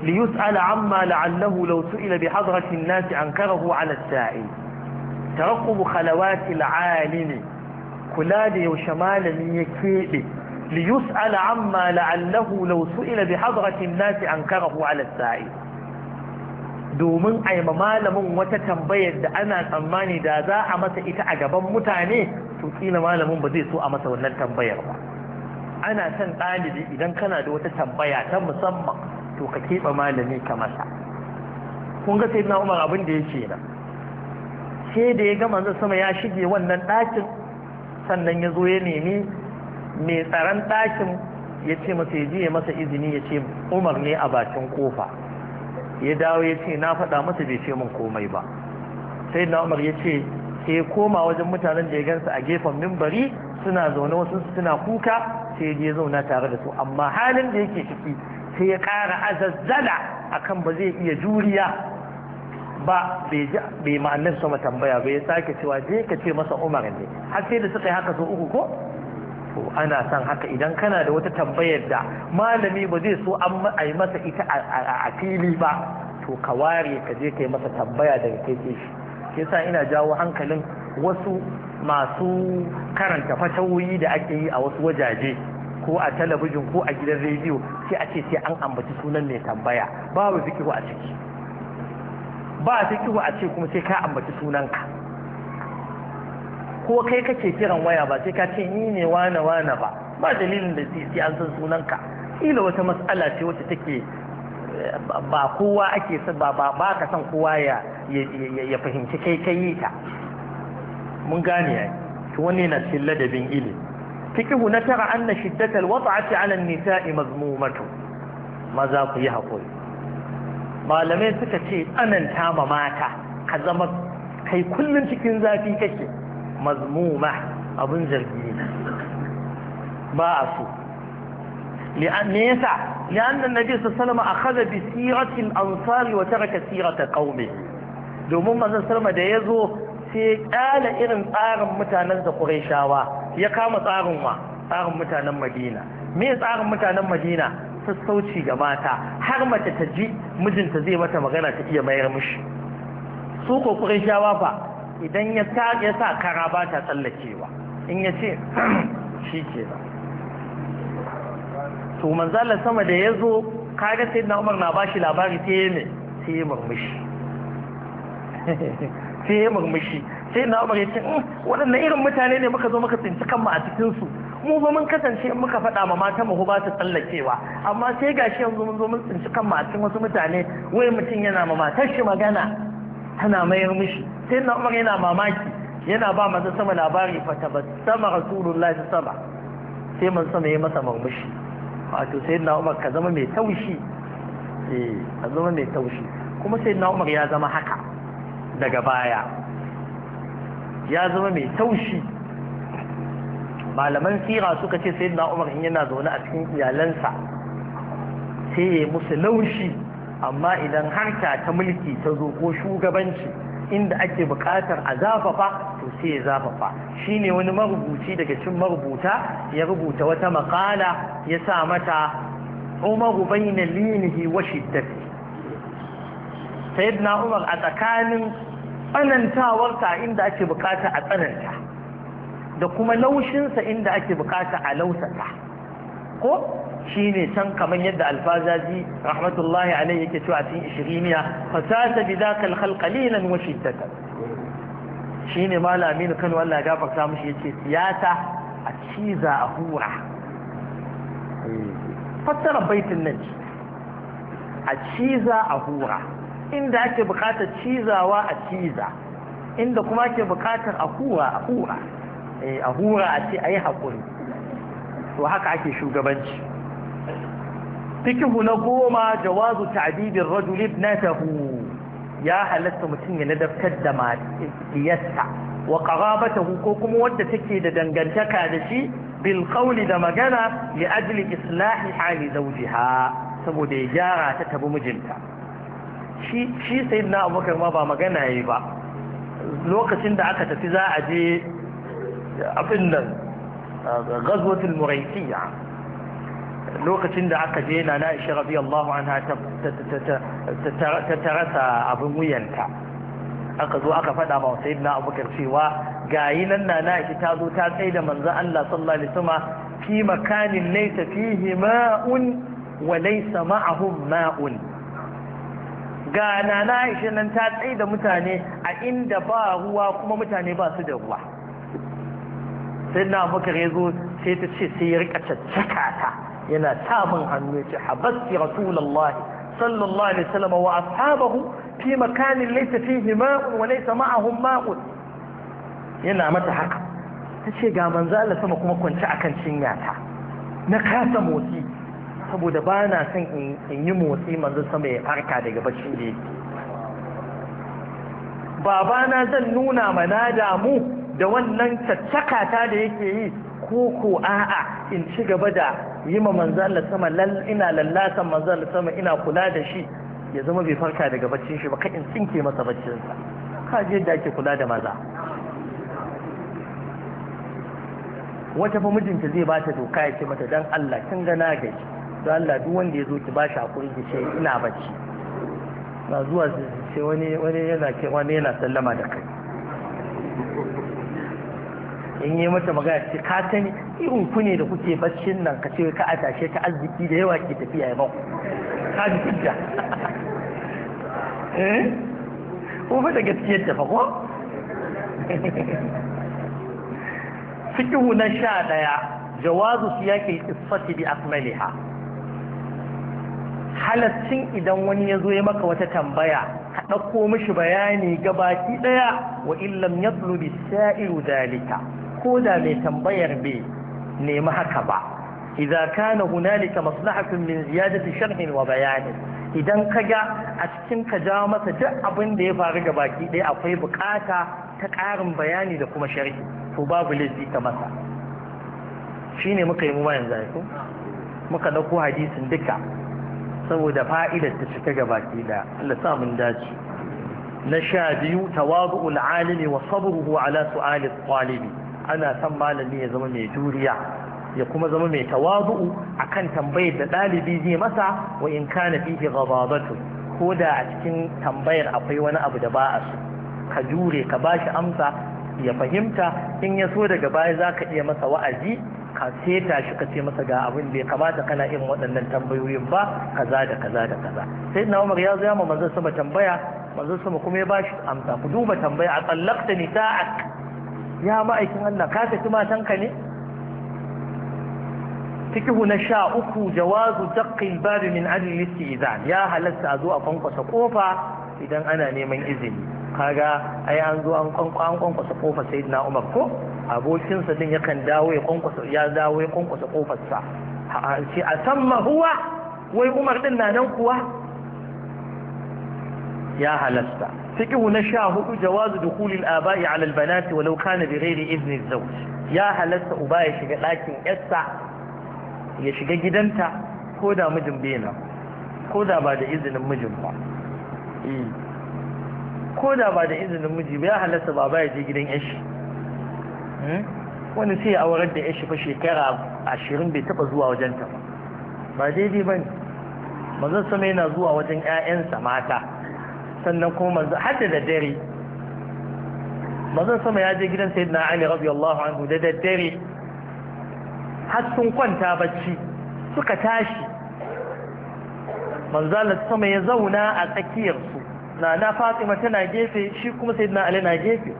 ليسأل عما لعله لو سئل بحضرة الناس أنكره على السائل ترقب خلوات العالم kula da yaushe malami ya keɓe la'allahu law su'ila bi hadratin بحضرة an karahu ala sa'i domin a yi malamin wata tambayar da ana tsammani da za a masa ita a gaban mutane to kila malamin ba zai so a masa wannan tambayar ba ana son ɗalibi idan kana da wata tambaya ta musamman to ka keɓe malami ka masa kun ga sai na umar abin da ya na sai da ya gama zan sama ya shige wannan ɗakin sannan ya zo ya nemi mai tsaron ɗakin ya ce masa ya ya masa izini ya ce umar ne a bakin kofa ya dawo ya ce na faɗa masa bai ce min komai ba sai na umar ya ce sai koma wajen mutanen da ya gansa a gefen mimbari suna zaune wasu suna kuka sai ya zauna tare da su amma halin da yake ciki sai ya ƙara azazzala akan ba zai iya juriya ba bai ma'anin sama tambaya ba ya sake cewa je ka ce masa Umar ne har sai da suka yi haka sau uku ko ana son haka idan kana da wata tambayar da malami ba zai so an ai masa ita a fili ba to ka ware ka je ka masa tambaya daga kai ke shi ke sa ina jawo hankalin wasu masu karanta fatawoyi da ake yi a wasu wajaje ko a talabijin ko a gidan rediyo sai a ce sai an ambaci sunan mai tambaya babu zikiru a ciki ba ta kiwa a ce kuma sai ka ambaci sunanka ko kai kake kiran waya ba sai ka ce ni ne wane wane ba ba dalilin da sai an san sunanka ila wata matsala ce wacce take eh, ba kowa ake ba ba ka san kowa ya fahimci kai kai yi ta mun gane ai to wani na cikin ladabin ilimi fiqhu na tara anna shiddatal wad'ati 'ala an-nisa'i mazmumatu maza ku yi haƙuri malamai suka ce tsananta ma mata ka zama kai kullum cikin zafi kake mazmuma abin zargi ne ba a so me yasa لأن النبي صلى الله عليه وسلم أخذ بسيرة الأنصار وترك سيرة قومه domin manzon sallama da ya zo sai ya irin tsarin mutanen da Qurayshawa ya kama tsarin wa tsarin mutanen Madina me tsarin mutanen Madina sassauci ga mata har mace ta ji mijinta zai mata magana ta iya mayar mishi su ko shawa fa idan ya sa ya sa kara ba ta tsallakewa in ya ce shi ke ba to manzala sama da ya zo kaga sai na umar na bashi labari sai ya ne sai ya murmushi sai ya murmushi sai na umar ya ce mm, waɗannan irin mutane ne muka zo muka tsinci kanmu a cikinsu mu zo mun kasance in muka faɗa ma mata mu ba su tsallakewa amma sai gashi yanzu mun zo mun tsinci kan matan wasu mutane wai mutum yana ma matar shi magana tana mayar mishi sai na umar yana mamaki yana ba maza sama labari fa sama rasulullahi sama sai man sama ya masa murmushi wato sai na umar ka zama mai taushi eh ka zama mai taushi kuma sai na umar ya zama haka daga baya ya zama mai taushi malaman sira suka ce sayyidina umar in yana zaune a cikin iyalansa sai ya musu laushi amma idan harka ta mulki ta zo ko shugabanci inda ake buƙatar a zafafa to sai ya zafafa shine wani marubuci daga cikin marubuta ya rubuta wata maƙala ya sa mata umaru bayna linihi wa shiddati sayyidina umar a tsakanin tsanantawarsa inda ake buƙata a tsananta da kuma laushinsa inda ake bukata a lausata ko shi ne can kamar yadda alfazazi rahmatullahi alai yake cewa cikin ishiriniya fasasa bi za ka alhalkalilan wa shiddata shi ne malami da kan wallah gafarta mushi yake siyasa a ciza a hura fassara baitin nan a ciza a hura inda ake bukatar cizawa a ciza inda kuma ake bukatar a hura a hura Eh, a hura a ce a yi haƙuri to haka ake shugabanci fikihu na goma jawazu ta'dibin na ibnatahu ya halatta mutum ya ladabtar da matiyarsa wa qarabatahu ko kuma wadda take da dangantaka da shi bil qawli da magana li ajli islahi hali zawjiha saboda ya gyara ta tabi mijinta shi sai na abubakar ma ba magana yayi ba lokacin da aka tafi za a je abin nan ghazwatul muraisiya lokacin da aka je na Aisha radiyallahu anha ta tarasa abin wuyanta aka zo aka faɗa ma sayyidina Abubakar cewa gayi nan na ishe ta zo ta tsaye da manzon Allah sallallahu alaihi wasallam fi makanin laysa fihi ma'un wa laysa ma'ahum ma'un ga na ishe nan ta tsaye da mutane a inda ba ruwa kuma mutane ba su da ruwa sai na abubakar ya zo sai ta ce sai ya rika caccaka ta yana samun hannu ya ce habasti rasulullahi sallallahu alaihi wasallam wa ashabahu fi makanin laysa fihi ma'un wa laysa ma'ahum ma'un yana mata haka ta ce ga manzo Allah sama kuma kwance akan cinya ta na kasa motsi saboda ba na son in yi motsi manzo sama ya farka daga bacci da babana zan nuna mana damu da wannan caccakata da yake yi ko ko a'a in ci gaba da yi ma manzala sama ina lallatan manzala sama ina kula da shi ya zama bai farka daga baccin shi ba ka in tsinke masa baccinsa ka je da ake kula da maza wata fa mijinta zai bata doka ya ce mata dan Allah kin ga na gaji don Allah duk wanda ya zo ki bashi hakuri ki ce ina bacci na zuwa sai wani wani yana ke wani yana sallama da kai in yi mata magana ce ka sani irin ku ne da kuke baccin nan ka ce ka a tashe ka arziki da yawa ke tafiya ya bau ka ji fidda ko fa da gaskiyar tafa ko fikihu na sha daya jawazu siyaqi qissati bi akmaliha halaccin idan wani ya zo ya maka wata tambaya ka ɗauko mishi bayani gabaki ɗaya wa illam yatlubi sa'ilu dalika ko da mai tambayar bai nemi haka ba ka kana hunalika maslahatun min ziyadati sharhin wa bayani idan ka ga a cikin ka jawo masa duk abin da ya faru ga baki ɗaya akwai bukata ta ƙarin bayani da kuma sharhi to babu laifi ka masa shine muka yi mu yanzu ai muka dauko hadisin duka saboda fa'idar ta cika ga baki ɗaya Allah sa mun dace na sha biyu tawadu'ul alimi wa sabruhu ala su'ali talibi ana son malami ya zama mai juriya ya kuma zama mai tawazu'u akan tambayar da ɗalibi zai masa wa in kana fihi ghadabatu ko da a cikin tambayar akwai wani abu da ba a so ka jure ka bashi amsa ya fahimta in ya so daga baya zaka iya masa wa'azi ka seta shi ka ce masa ga abin da ya kamata kana irin waɗannan tambayoyin ba kaza da kaza da kaza sai na umar ya zama manzon sama tambaya manzon sama kuma ya bashi amsa ku duba tambaya a tsallakta nisa'ak ya ma'aikin Allah ka matan matanka ne tikihu na sha uku jawazu daqqil babi min ajli istizan ya halatta a zo a kwankwasa kofa idan ana neman izini kaga ai an zo an kwankwasa kofa sayyidina Umar ko abokinsa din ya kan dawo ya kwankwasa ya dawo ya kwankwasa kofarsa ce a san mahuwa wai Umar din na nan kuwa ya halatta fiqhu na sha hudu jawazu dukhulil aba'i ala wa walau kana bighairi izni zawj ya halatta uba ya shiga ɗakin yarsa ya shiga gidanta ko da mijin bena ko da ba da izinin mijin ba hmm. ko da ba da izinin miji ba ya halatta baba ya je gidan yashi hmm. wani sai ya aurar da yashi fa shekara ashirin bai taba zuwa wajenta ba ba daidai ba ne Ba zan sama yana zuwa wajen 'ya'yansa mata sannan kuma manzo hadda da dare manzon sama ya je gidan sayyidina Ali radiyallahu anhu da daddare har sun kwanta bacci suka tashi manzo Allah sama ya zauna a tsakiyar su na na Fatima tana gefe shi kuma sayyidina Ali na gefe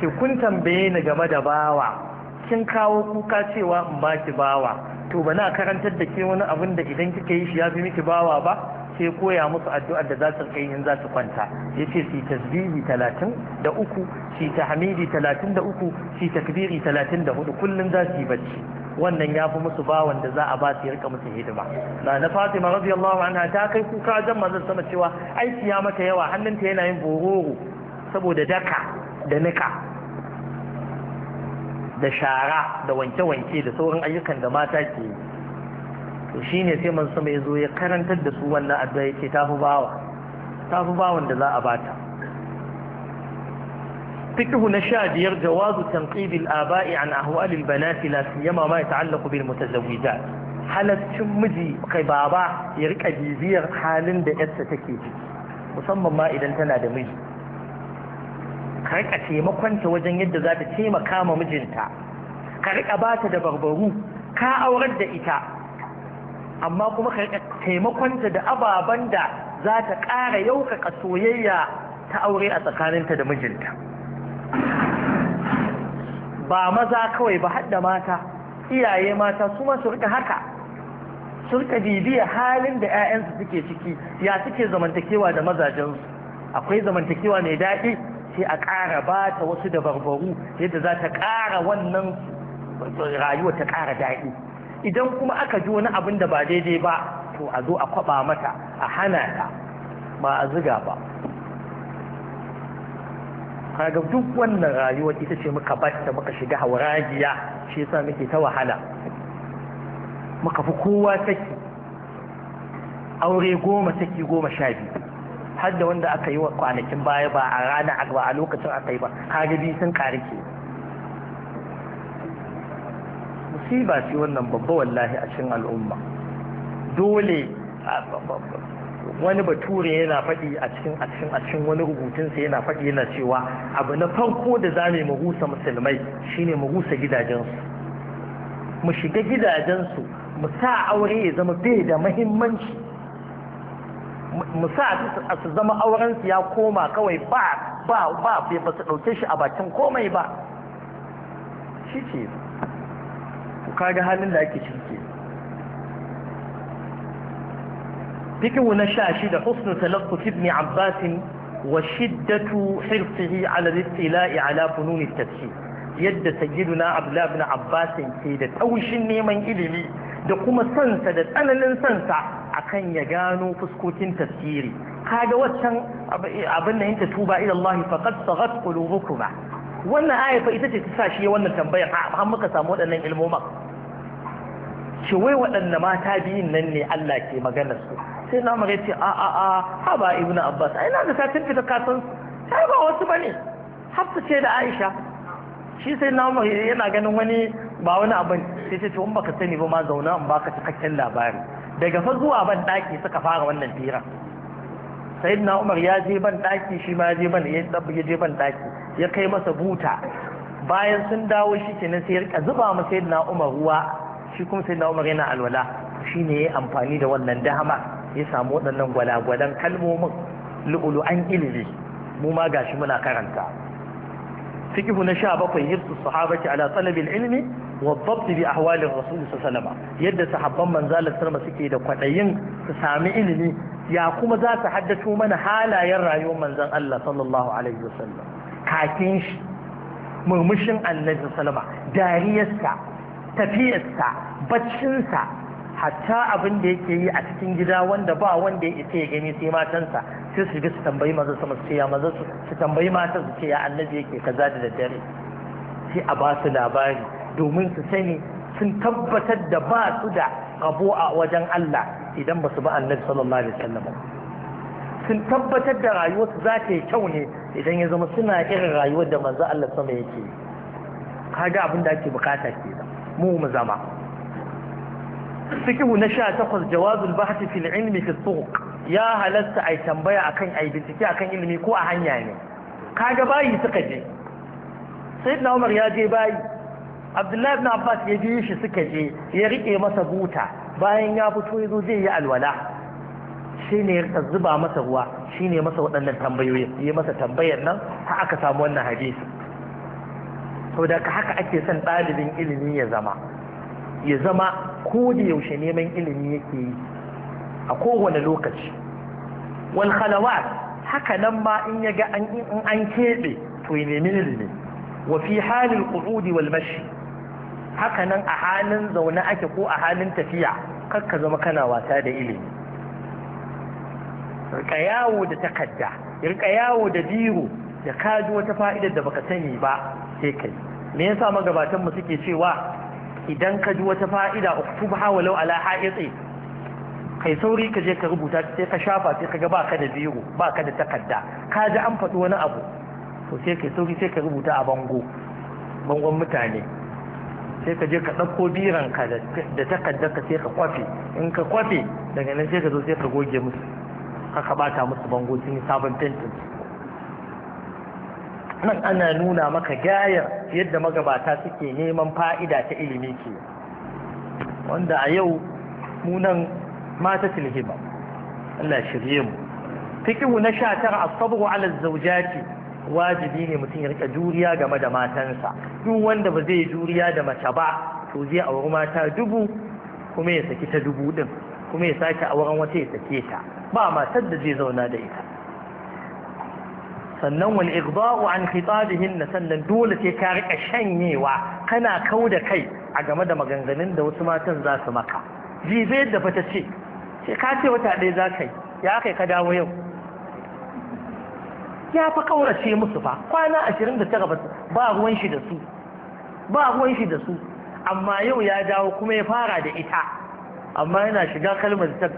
shi kun tambaye ni game da bawa kin kawo kuka cewa in baki bawa to ba na karantar da ke wani abin da idan kika yi shi ya fi miki bawa ba sai koya musu addu'ar da za su kai in za su kwanta ya ce su tasbihi talatin da uku su tahmidi talatin da uku su takbiri talatin da hudu kullum za su yi bacci wannan ya fi musu ba da za a ba su rika musu hidima na na fatima radiyallahu anha ta kai kuka wajen mazan sama cewa aiki ya mata yawa hannunta yana yin bororo saboda daka da nika da shara da wanke-wanke da sauran ayyukan da mata ke yi to shine sai man sama yazo ya karantar da su wannan addu'a yace tafi bawa tafi bawan da za a bata fiqhu na sha biyar jawazu tanqid abai an ahwalil al-banat la siyama ma yata'allaqu bil mutazawwijat halaccin miji kai baba ya rika bibiyar halin da yarsa take ciki musamman ma idan tana da miji ka rika taimakonta wajen yadda za ta taimaka ma mijinta ka rika ba ta da barbaru ka aurar da ita amma kuma ka taimakonta da ababen da za ta ƙara yaukaka soyayya ta aure a tsakaninta da mijinta ba maza kawai ba hadda mata iyaye mata su ma su rika haka su rika bibiya halin da 'ya'yansu suke ciki ya suke zamantakewa da mazajensu akwai zamantakewa mai daɗi sai a ƙara ba ta wasu dabarbaru yadda za ta ƙara wannan rayuwa ta ƙara daɗi idan kuma aka ji wani abin da ba daidai ba to a zo a kwaba mata a hana ta ba a ziga ba kaga duk wannan rayuwar ita ce muka bata muka shiga hauragiya shi yasa muke ta wahala muka fi kowa saki aure goma saki goma sha biyu har da wanda aka yi wa kwanakin baya ba a rana ba a lokacin aka yi ba kaga biyu sun kare ke ba shi wannan babba wallahi a cikin al'umma dole wani bature yana faɗi a cikin a cikin a cikin wani rubutunsa yana faɗi yana cewa abu na farko da za mu rusa musulmai shine mu rusa gidajensu mu shiga gidajensu mu sa aure ya zama bai da muhimmanci, mu sa su zama aurensu ya koma kawai ba ba ba ba su ɗauke shi a bakin komai ba shi ce ku kaga halin da ake shirke cikin na sha da husnu talaffuzi ibn abbas wa shiddatu hirfihi ala al-istila'i ala funun yadda tafsir yadda sayyiduna abdullah ibn abbas ke da taushin neman ilimi da kuma sansa da tsananin sansa akan ya gano fuskokin tafsiri kaga waccan abin da yanta tuba ila Allah faqad saghat qulubukum wannan aya ita ce ta sa shi wannan tambayar har muka samu waɗannan ilmoman ce wai waɗanne mata biyun nan ne Allah ke maganar su sai na mara ce a a a ha ba ibn abbas ai nan da ta tafi da kasan yi ba wasu bane hafsa ce da aisha shi sai na mara yana ganin wani ba wani abin sai ce in baka sani ba ma zauna in baka cikakken labari daga fa zuwa ban daki suka fara wannan fira na umar ya je ban daki shi ma je ban ya je ban daki ya kai masa buta bayan sun dawo shi kenan sai ya rika zuba masa sayyidina umar ruwa shi kuma sai na umar yana alwala shi ne ya amfani da wannan dama ya samu waɗannan gwalagwalan kalmomin lu'ulu'an ilimi mu ma gashi muna karanta fiqhu na sha 17 hirsu sahabati ala talabil ilmi wa dhabt bi ahwali rasul sallallahu yadda sahabban manzalar sarma suke da kwadayin su sami ilimi ya kuma za ta haddace mana halayen rayuwar manzon Allah sallallahu alaihi wasallam kakin shi murmushin annabi sallama dariyarsa tafiyarsa baccinsa hatta abin da yake yi a cikin gida wanda ba wanda ya isa ya gani sai matansa sai su su tambayi maza su ce ya maza su tambayi mata su ce ya annabi yake kaza da daddare sai a ba su labari domin su sani sun tabbatar da ba su da rabo a wajen Allah idan ba su ba annabi sallallahu alaihi wasallam sun tabbatar da rayuwarsu za ta yi kyau ne idan ya zama suna irin rayuwar da manzo Allah sama yake kaga abin da ake bukata ke mu mu zama Sikihu na sha takwas jawazul bahti fil ilmi fi turuq ya halatta ai tambaya akan ai bincike akan ilimi ko a hanya ne kaga bayi suka je sayyidina Umar ya je bayi Abdullahi ibn Abbas ya je shi suka je ya rike masa buta bayan ya fito yazo zai yi alwala shine ya zuba masa ruwa shine masa waɗannan tambayoyi yi masa tambayar nan har aka samu wannan hadisi sau ka haka ake son ɗalibin ilimi ya zama ya zama ko da yaushe neman ilimi yake yi a kowane lokaci wal hakanan haka nan ma in ya ga an an keɓe to ya nemi ilimi wa fi halin qu'udi wal mashi haka nan a halin zaune ake ko a halin tafiya kar ka zama kana wasa da ilimi rika yawo da takadda rika yawo da biro da kaji wata fa'idar da baka sani ba sai kai me yasa mu suke cewa idan ka ji wata fa'ida uktubha walau ala ha'iti kai sauri ka je ka rubuta sai ka shafa sai ka ga baka da biro baka da takarda ka ji an faɗi wani abu to sai kai sauri sai ka rubuta a bango bangon mutane sai ka je ka ɗauko ka da ka sai ka kwafe in ka kwafe daga nan sai ka zo sai ka goge musu haka bata musu bango sun yi sabon fentin nan ana nuna maka gayar yadda magabata suke neman fa'ida ta ilimi ke wanda a yau munan mata tilhima Allah shirye mu fikihu na sha tara asabu ala zaujati wajibi ne mutum ya rika juriya game da matansa duk wanda ba zai juriya da mace ba to zai auri mata dubu kuma ya saki ta dubu ɗin, kuma ya sake auren wata ya sake ta ba matar da zai zauna da ita sannan wani ighda'u an na sannan dole sai ka rika shanyewa kana kau da kai a game da maganganun da wasu matan za su maka jibe da fata ce sai ka ce wata ɗaya za ka yi ya kai ka dawo yau ya fi kaurace musu fa kwana 29 ba ruwan shi da su ba ruwan shi da su amma yau ya dawo kuma ya fara da ita amma yana shiga kalmar ta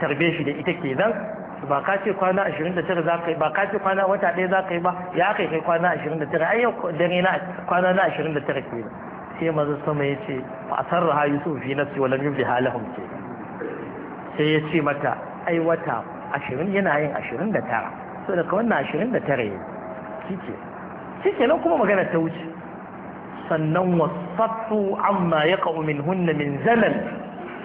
tarbe shi da ita kenan ba ka ce kwana 29 za ka yi ba ka ce kwana wata ɗaya za ka yi ba ya kai kai kwana 29 ai yau dare na kwana na 29 ke sai maza sama ya ce ba a sarra ha yusuf fi nafsi wa lam yubdi halahum ke sai ya ce mata ai wata 20 yana yin 29 so daga wannan 29 ya kike kike nan kuma magana ta wuce sannan wasatu amma ya yaqa'u minhunna min zalal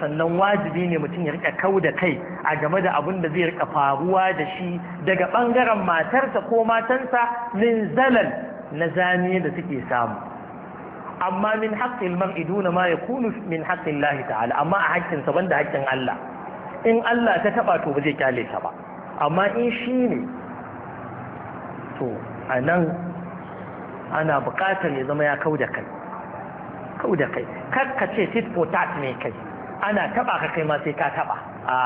sannan wajibi ne mutum ya rika kau da kai a game da abin da zai rika faruwa da shi daga ɓangaren matarsa ko matansa min zalal na zane da suke samu amma min haƙƙin mar'i ma ya kunu min haƙƙin lahi ta'ala amma a haƙƙinsa banda haƙƙin Allah in Allah ta taɓa to ba zai kyale ta ba amma in shi ne to a nan ana buƙatar ya zama ya kau da kai kau da kai kar ka ce tit for tat ne kai ana taba ka kai ma sai ka taba a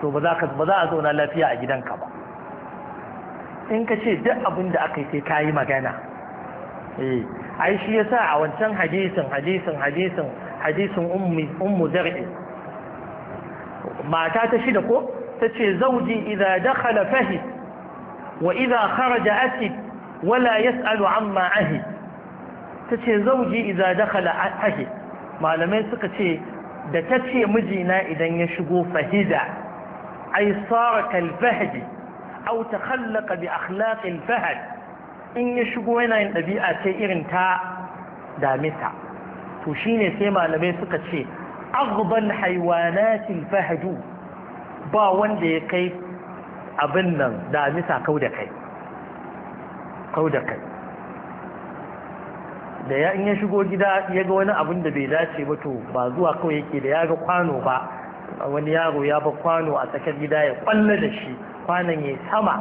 to ba za a zauna lafiya a gidanka ba in ka ce duk abin da aka yi sai ka yi magana eh ai shi yasa a wancan hadisin hadisin hadisin hadisin ummi ummu zar'i mata ta shida ko tace zauji idza dakhala fahi wa idza kharaja asid wala yasalu amma ahi tace zauji idza dakhala ahi malamai suka ce da ta ce mijina idan ya shigo fahida ai tsara kalfahdi au ta khallaka bi akhlaqil fahad in ya shigo yana yin ɗabi'a ce irin ta damita to shine sai malamai suka ce agban haiwanatin fahadu ba wanda ya kai abin nan damisa kau da kai kau da kai da ya in ya shigo gida ya ga wani abin da bai dace ba to ba zuwa kawai yake da ya ga kwano ba wani yaro ya ba kwano a tsakar gida ya kwallo da shi kwanan ya sama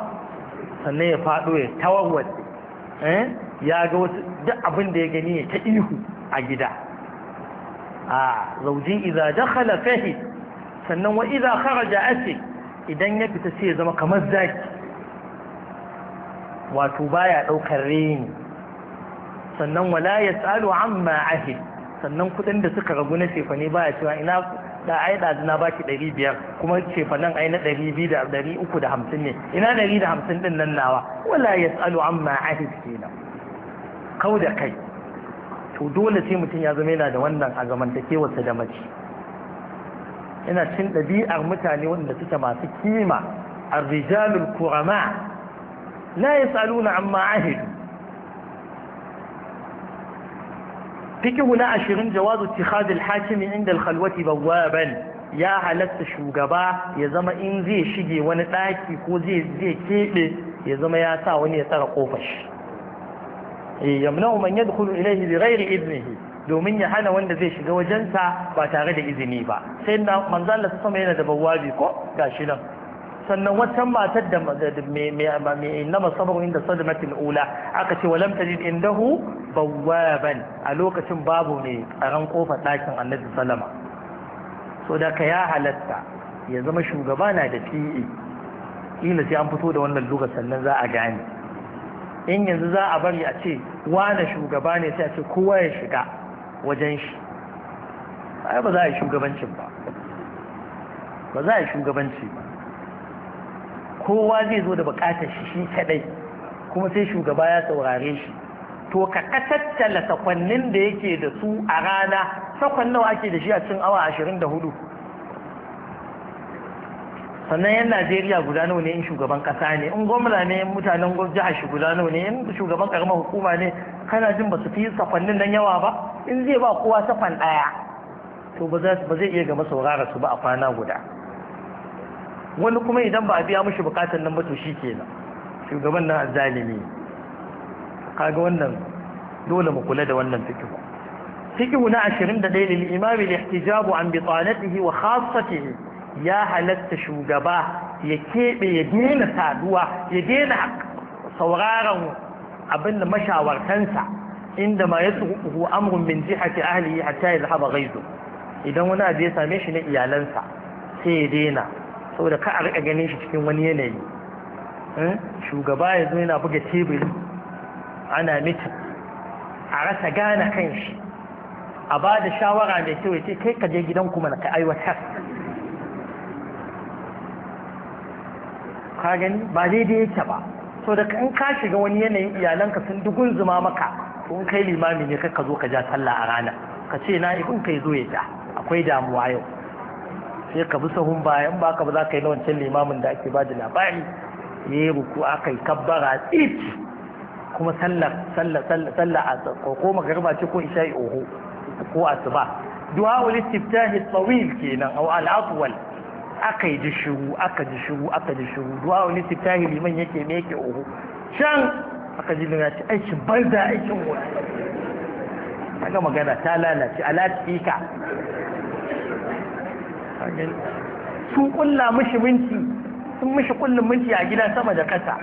sannan ya faɗo ya tawarwar eh, ya ga wasu duk abin da ya gani ya ta ihu a gida a zaujin iza dakhala sannan wa iza kharaja ake idan ya fita sai ya zama kamar zaki wato baya ɗaukar reni sannan wala ya tsalo amma ahid sannan kuɗin da suka ragu na cefane ba a cewa ina da ai ɗazi na baki ɗari biyar kuma cefanen ai na ɗari biyu da ɗari uku da hamsin ne ina ɗari da hamsin ɗin nan nawa wala ya tsalo amma ahid kenan kau da kai to dole sai mutum ya zama yana da wannan a zamantakewarsa da mace ina cin ɗabi'ar mutane wanda suke masu kima a rijalul kurama الرجال ya لا يسألون عما عهدوا fikihu na ashirin jawazu tikhadil hakimi inda alkhalwati bawwaban ya halatta shugaba ya zama in zai shige wani daki ko zai zai keɓe ya zama ya sa wani ya tsara kofar shi eh, yamna'u man yadkhulu ilayhi bi ghairi idnihi domin ya hana wanda zai shiga wajensa ba tare da izini ba sai na manzo sama yana da bawabi ko gashi nan sannan wancan matar da mai nama sabon inda sadamatin ula aka ce walam tajid indahu bawwaban a lokacin babu mai tsaron kofar ɗakin annabi salama so da ka ya halatta ya zama shugaba na da fi'i e. ila sai an fito da wannan lugar sannan za a gane in yanzu za a bari a ce wane shugaba ne sai a ce kowa ya shiga wajen shi ai ba za a yi shugabancin ba ba za a yi shugabanci ba kowa zai zo da bukatar shi shi kadai kuma sai shugaba ya saurare shi to ka tattala sakwannin da yake da su a rana sakon nawa ake da shi a cikin awa ashirin da sannan yan najeriya guda ne in shugaban kasa ne in gwamna ne in mutanen jihar shi guda ne in shugaban karamar hukuma ne kana jin ba su fi sakwannin nan yawa ba in zai ba kowa sakwan daya to ba zai iya gama saurara su ba a kwana guda wani kuma idan ba a biya mushi bukatar nan ba to shi shugaban nan zalimi kaga wannan dole mu kula da wannan fikihu fikihu na 21 lil imam al ihtijabu an bitanatihi wa khassatihi ya halatta shugaba ya kebe ya daina saduwa ya daina sauraron abin da mashawartansa inda ma yatsuhu amrun min jihati ahlihi hatta yadhhaba ghaizu idan wani abu ya same shi na iyalansa sai ya daina saboda ka a rika ganin shi cikin wani yanayi eh? shugaba ya zo yana buga teburi ana mita a rasa gane kan shi a ba da shawara mai kyau ce kai ka je gidan kuma na ka aiwatar ka gani ba daidai yake ba so da in ka shiga wani yanayin iyalanka sun dugun zuma maka ko in kai limami ne ka zo ka ja sallah a rana ka ce na ibin kai zo ya ja akwai damuwa yau sai ka bi sahun bayan ba ka ba za ka yi na wancan limamin da ake ba da labari ya yi ruku aka yi kabbara tsit kuma sallar sallar sallar sallar a ko magarba ce ko isha'i oho ko asuba duha wal istiftahi tawil kenan aw al atwal aka yi shiru aka ji shiru aka ji shiru duha tifta istiftahi liman yake me yake oho can aka ji nuna ce aikin banza aikin wani kaga magana ta lalace a latifika sun kulla mishi minti sun mishi kullum minti a gida sama da kasa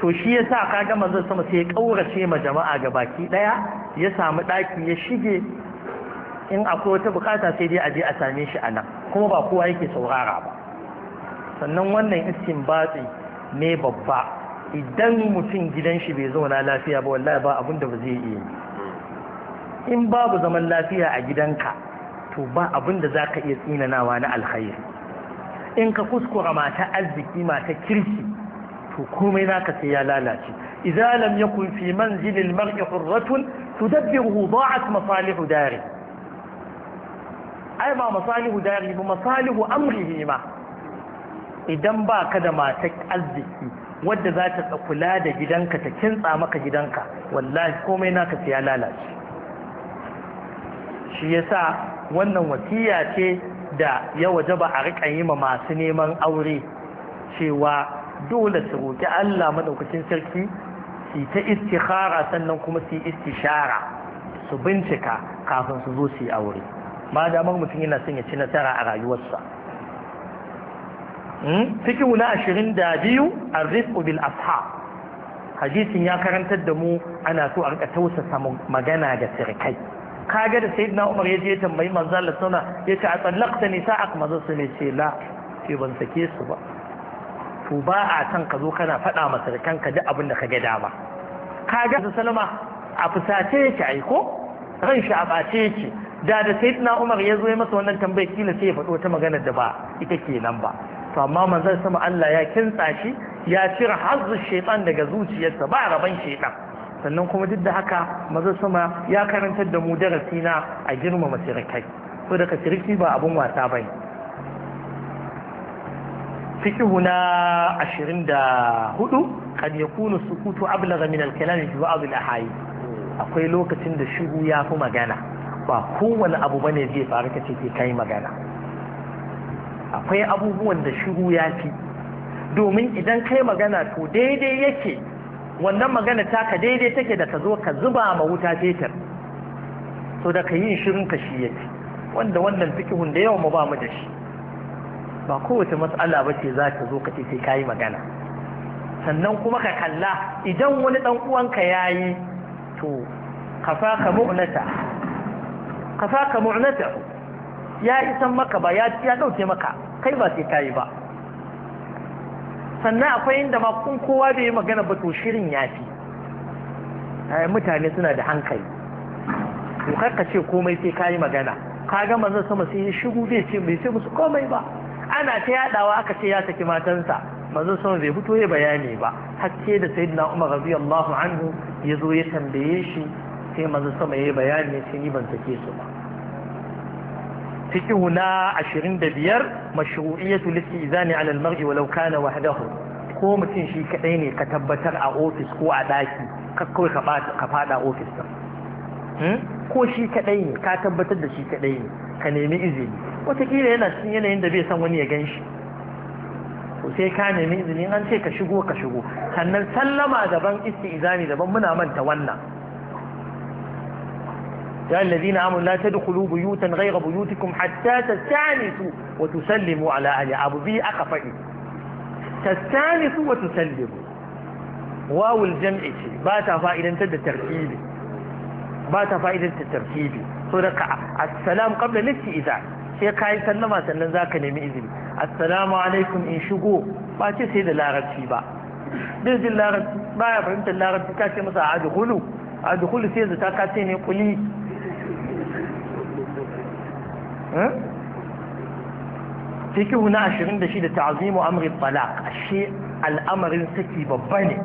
to shi ya sa kaga manzon sama sai ya kaurace ma jama'a ga baki daya ya samu daki ya shige in akwai wata bukata sai dai a je a same shi a nan kuma ba kowa yake saurara ba sannan wannan iskin batsi ne babba idan mutum gidan shi bai zauna lafiya ba wallahi ba abin da ba zai iya yi in babu zaman lafiya a gidanka to ba abin da za ka iya tsinanawa na alkhairi in ka kuskura mata arziki mata kirki to komai za ka sai ya lalace Idan lam yakun fi manzilil mar'i hurratun tudabbiruhu da'at masalihu dari ai ba masalihu dari ba masalihu amrihi ma idan ba ka da matar arziki wadda za ta kula da gidanka ta kintsa maka gidanka wallahi komai naka sai ya lalace shi yasa wannan wasiya ce da ya waje ba a rika yi ma masu neman aure cewa dole su roƙi Allah maɗaukacin sarki su ta istikhara sannan kuma su istishara su bincika kafin su zo su yi aure ma damar mutum yana son ya ci nasara a rayuwarsa hmm? fikihu wuna ashirin da biyu a rizku bil asha hadisin ya karantar da mu ana so a rika tausasa magana da sirkai kaga da sayyidina umar ya je ya tambayi manzo Allah ya ce a kuma zo su ne ce la ce ban sake su ba to ba a san ka zo kana faɗa masa da kanka duk abin da ka ga dama kaga da salama a fusace yake aiko ran shi a bace yake da da sayyidina umar ya zo ya masa wannan tambayar kila sai ya faɗo ta magana da ba ita kenan ba to amma manzo sama Allah ya kintsa shi ya cire hazzu shaytan daga zuciyarsa ba raban shaytan sannan kuma duk da haka maza sama ya karantar da mu darasi na a girmama sirikai so daga siriki ba abin wasa ba ne fikihu na ashirin da hudu kan ya sukutu ablaga min alkalami fi ba'd al akwai lokacin da shiru ya fi magana ba kowane abu bane zai faru kace ke kai magana akwai abubuwan da shiru ya fi domin idan kai magana to daidai yake wannan magana ta ka daidai take da ka zo ka zuba ma wuta fetur to da ka yi shirin ka shi yake wanda wannan fikihun da yawa ba mu da shi ba kowace matsala ba ce za ta zo ka ce sai ka yi magana sannan kuma ka kalla idan wani dan uwanka ya yi to kafa ka mu'nata kafa ka mu'nata ya isan maka ba ya ɗauke maka kai ba sai ka yi ba sannan akwai inda ma kun kowa bai yi magana ba to shirin ya fi eh, mutane suna da hankali to karka ce komai sai ka yi magana ka ga manzon sama sai ya shigo bai ce bai ce musu komai ba ana ta yadawa aka ce ya saki matansa Mazan sama bai fito ya bayani ba hakke da sayyidina Umar radiyallahu anhu ya zo ya tambaye shi sai manzon sama ya yi bayani sai ni ban sake su ba fikihu na biyar mashru'iyatu listizani ala almar'i walau kana wahdahu ko mutum shi kadai ne ka tabbatar a ofis ko a daki kakkawai ka fada ofis hmm? ko shi kadai ne ka tabbatar da shi kadai ne ka nemi izini watakila yana cikin yanayin da bai san wani ya gan shi sai ka nemi izini an ce ka shigo ka shigo sannan sallama daban Izani daban muna manta wannan يا الذين آمنوا لا تدخلوا بيوتا غير بيوتكم حتى تستانسوا وتسلموا على أهل أبو بي أخفئي تستانسوا وتسلموا واو الجمع شيء باتا فائدا تد التركيب باتا فائدا التركيب صدق السلام قبل الاستئذان sai ka yi sallama sannan za ka nemi izini assalamu alaikum in shigo ba ce sai da larabci ba bin jin larabci ba ya fahimtar larabci ka ce masa a adhulu adhulu sai zata ka ce ne kuli Eh? fikihu na da ta'zimu amri talaq ashe al'amarin saki babba ne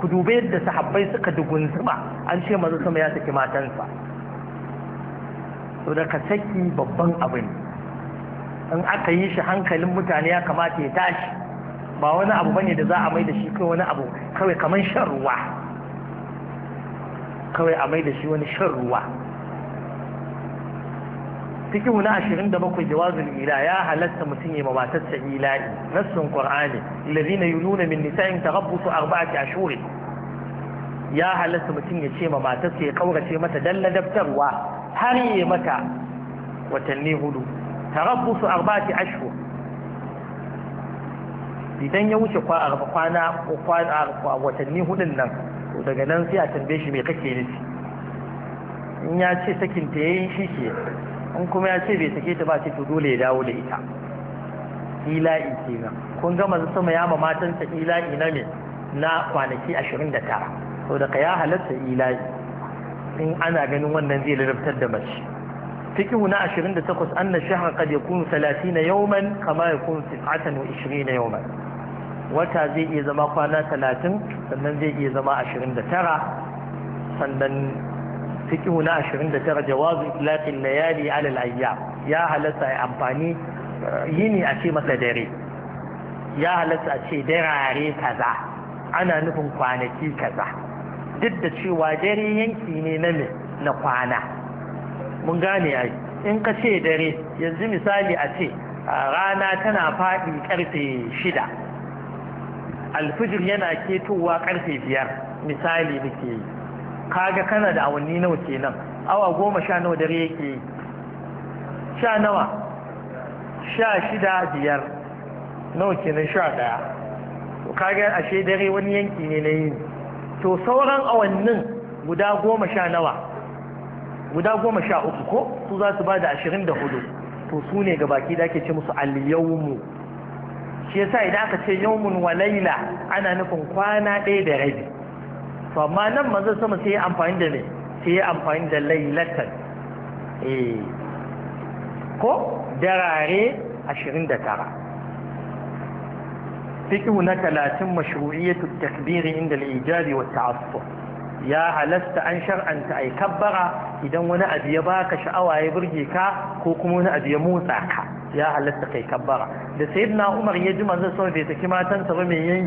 ku dube yadda sahabbai suka dugunzuma an ce maza sama ya saki matansa to daga saki babban abu ne in aka yi shi hankalin mutane ya kamata ya tashi ba wani abu bane da za a mai da shi kai wani abu kawai kamar shan ruwa kawai a mai da shi wani shan ruwa fikihu na ashirin da bakwai jawazul ila ya halatta mutum ya mabatarsa ila'i nassun qur'ani alladhina yununa min nisa'in tarabbusu arba'ati ashhur ya halatta mutum ya ce mabatarsa ya kaurace mata dalla daftarwa har ya mata watanni hudu tarabbusu arba'ati ashhur idan ya wuce kwana watanni hudun nan daga nan sai a tambaye shi me kake nufi in ya ce sakin ta yayin shi ke in kuma ya ce bai sake ta ba ce to dole ya dawo da ita ila'i kenan kun gama su sama ya ma matansa ila'i na ne na kwanaki ashirin da tara sau da ya halatta ila'i in ana ganin wannan zai larabtar da mace fikihu na ashirin da takwas an na shahar kad ya kunu na yauman kama ya kunu sifatan wa ishirin na yauman wata zai iya zama kwana talatin sannan zai iya zama ashirin da tara sannan fikihu na 29 jawazu itlaqin layali ala ayyam ya halatta ai amfani eh, yini a ce masa dare ya halatta a ce darare kaza ana nufin kwanaki kaza duk da cewa dare yanki ne na na kwana mun gane ai in ka ce dare yanzu misali a ce rana tana faɗi karfe shida alfijir yana ketowa karfe biyar misali muke yi kaga kana da awanni nawa kenan awa goma sha nawa dare yake sha nawa sha shida biyar nawa kenan sha daya to kaga ashe dare wani yanki ne na yini to sauran awannin guda goma sha nawa guda goma sha uku ko su za su ba da ashirin da hudu to su ne ga baki da ake ce musu al-yawmu shi yasa idan aka ce yawmun walaila ana nufin kwana ɗaya da rabi to amma nan manzon sama sai amfani da me sai ya amfani da lailatan eh ko darare 29 fiƙi na talatin mashru'iyyatu takbiri inda al-ijabi wa ta'assub ya halasta an shar'anta ai kabbara idan wani abu ya baka sha'awa ya burge ka ko kuma wani abu ya motsa ka ya halasta kai kabbara da sayyidina Umar ya ji manzon bai saki matansa ba me yayi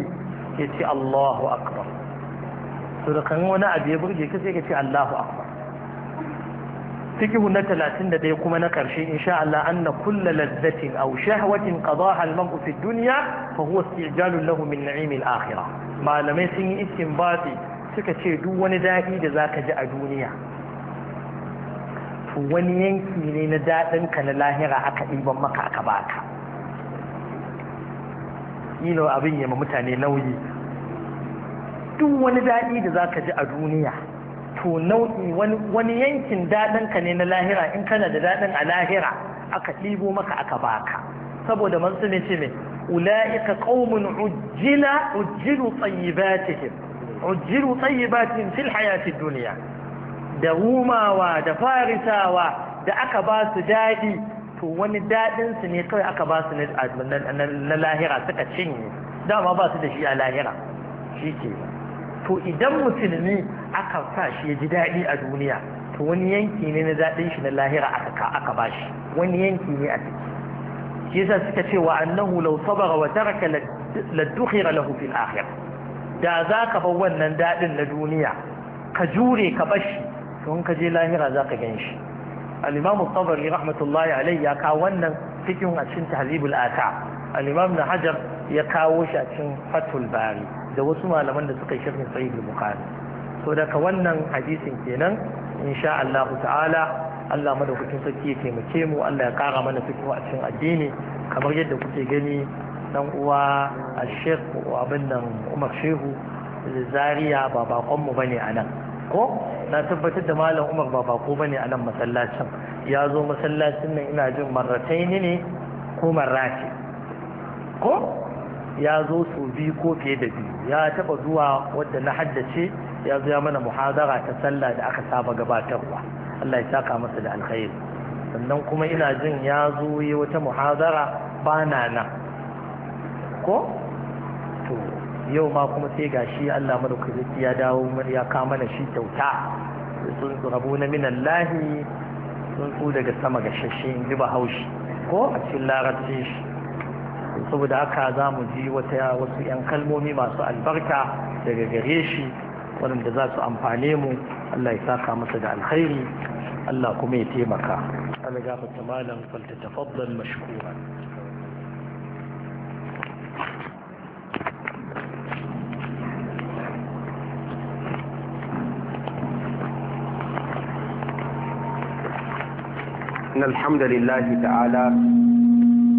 yace Allahu akbar to da kan wani abu ya burge ka sai ka ce Allahu akbar fikihu na 31 kuma na karshe insha Allah anna kulla ladzatin aw shahwatin qadaha al-mar'u fi dunya fa huwa isti'jalun lahu min na'im al-akhirah malamai sun yi istinbati suka ce duk wani daɗi da zaka ji a duniya to wani yanki ne na daɗin ka na lahira aka ɗiban maka aka baka ilo abin ma mutane nauyi duk wani daɗi da za ka ji a duniya to nau'i wani yankin daɗinka ne na lahira in kana da daɗin a lahira aka ɗibo maka aka baka saboda mansu ne ce mai ula'ika qaumun ujjila ujjilu tayyibatihim ujjilu tayyibatihim fil hayati duniya da rumawa da farisawa da aka ba su daɗi to wani daɗin su ne kawai aka ba su na lahira suka cinye dama ba su da shi a lahira shi ke ba to idan musulmi aka sa shi ya ji daɗi a duniya to wani yanki ne na daɗin shi na lahira aka bashi wani yanki ne a ciki shi yasa suka ce wa annahu law sabara wa taraka ladukhira lahu fil akhirah da za ka bar wannan daɗin na duniya ka jure ka bashi to in ka je lahira za ka gan shi al-imam tabari rahmatullahi alayhi ya kawo wannan cikin a cikin tahzibul ata al-imam hajar ya kawo shi a cikin fatul bari da wasu malaman da suka shirin sai da bukari so daga wannan hadisin kenan insha Allah ta'ala Allah madaukakin sarki ya taimake mu Allah ya kara mana fito a cikin addini kamar yadda kuke gani dan uwa a sheikh abin nan Umar Shehu Zaria ba bakon mu bane a nan ko na tabbatar da malam Umar ba bako bane a nan masallacin ya zo masallacin nan ina jin marrataini ne ko marrati ko ya zo su biyu ko fiye da biyu ya taba zuwa wadda na haddace ya zo mana muhazara ta sallah da aka saba gabatarwa Allah ya saka masa da alkhairi sannan kuma ina jin ya zo yi wata muhadara na nan ko to yau ma kuma sai gashi Allah madaukaki ya dawo ya ka mana shi kyauta sun rabu na minan lahi sun su daga sama ga shashin in haushi ko a cikin larabcin shi saboda haka za mu ji wata wasu 'yan kalmomi masu albarka daga gare shi waɗanda za su amfane mu Allah ya saka masa da alkhairi Allah kuma ya taimaka ana ya fata malam falta tafaddal mashkura إن الحمد لله تعالى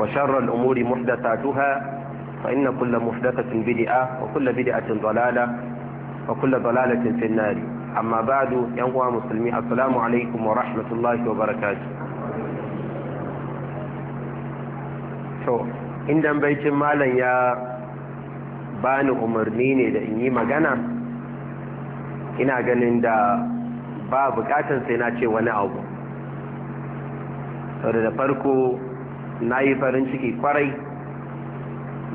وشر الأمور محدثاتها فإن كل محدثة بدئة وكل بدئة ضلالة وكل ضلالة في النار أما بعد ينقوى مسلمي السلام عليكم ورحمة الله وبركاته to inda baicin malam ya bani umarni ne da in yi magana ina ganin da ba bukatan sai na ce wani abu sau da farko na yi farin ciki kwarai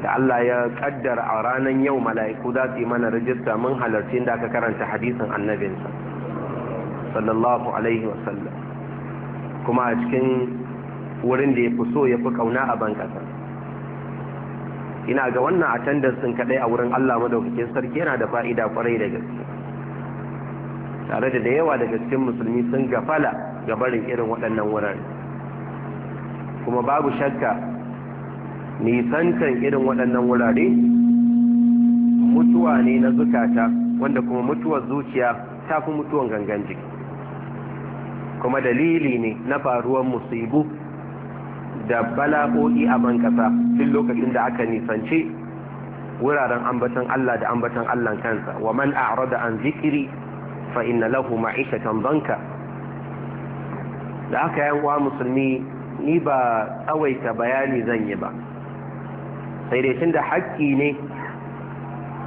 da Allah ya kaddar a ranar yau mala'iku za su yi mana rajista mun halarci da aka karanta hadisin annabinsa sallallahu alaihi wasallam kuma a cikin wurin da ya fi so ya fi kauna a bankasa ina ga wannan attendance sun kadai a wurin Allah madaukakin sarki yana da fa'ida kwarai da gaske tare da da yawa daga cikin musulmi sun gafala ga barin irin waɗannan wurare kuma babu shakka nisantan irin waɗannan wurare mutuwa ne na zukata wanda kuma mutuwar zuciya ta fi mutuwan gangan jiki kuma dalili ne na faruwar musibu da bala'o'i a ban kasa duk lokacin da aka nisanci wuraren ambatan Allah da ambatan Allah kansa wa man a'rada an zikiri fa inna lahu ma'ishatan banka da aka yan uwa musulmi ni ba tsawaita bayani zan yi ba sai dai tun da haƙƙi ne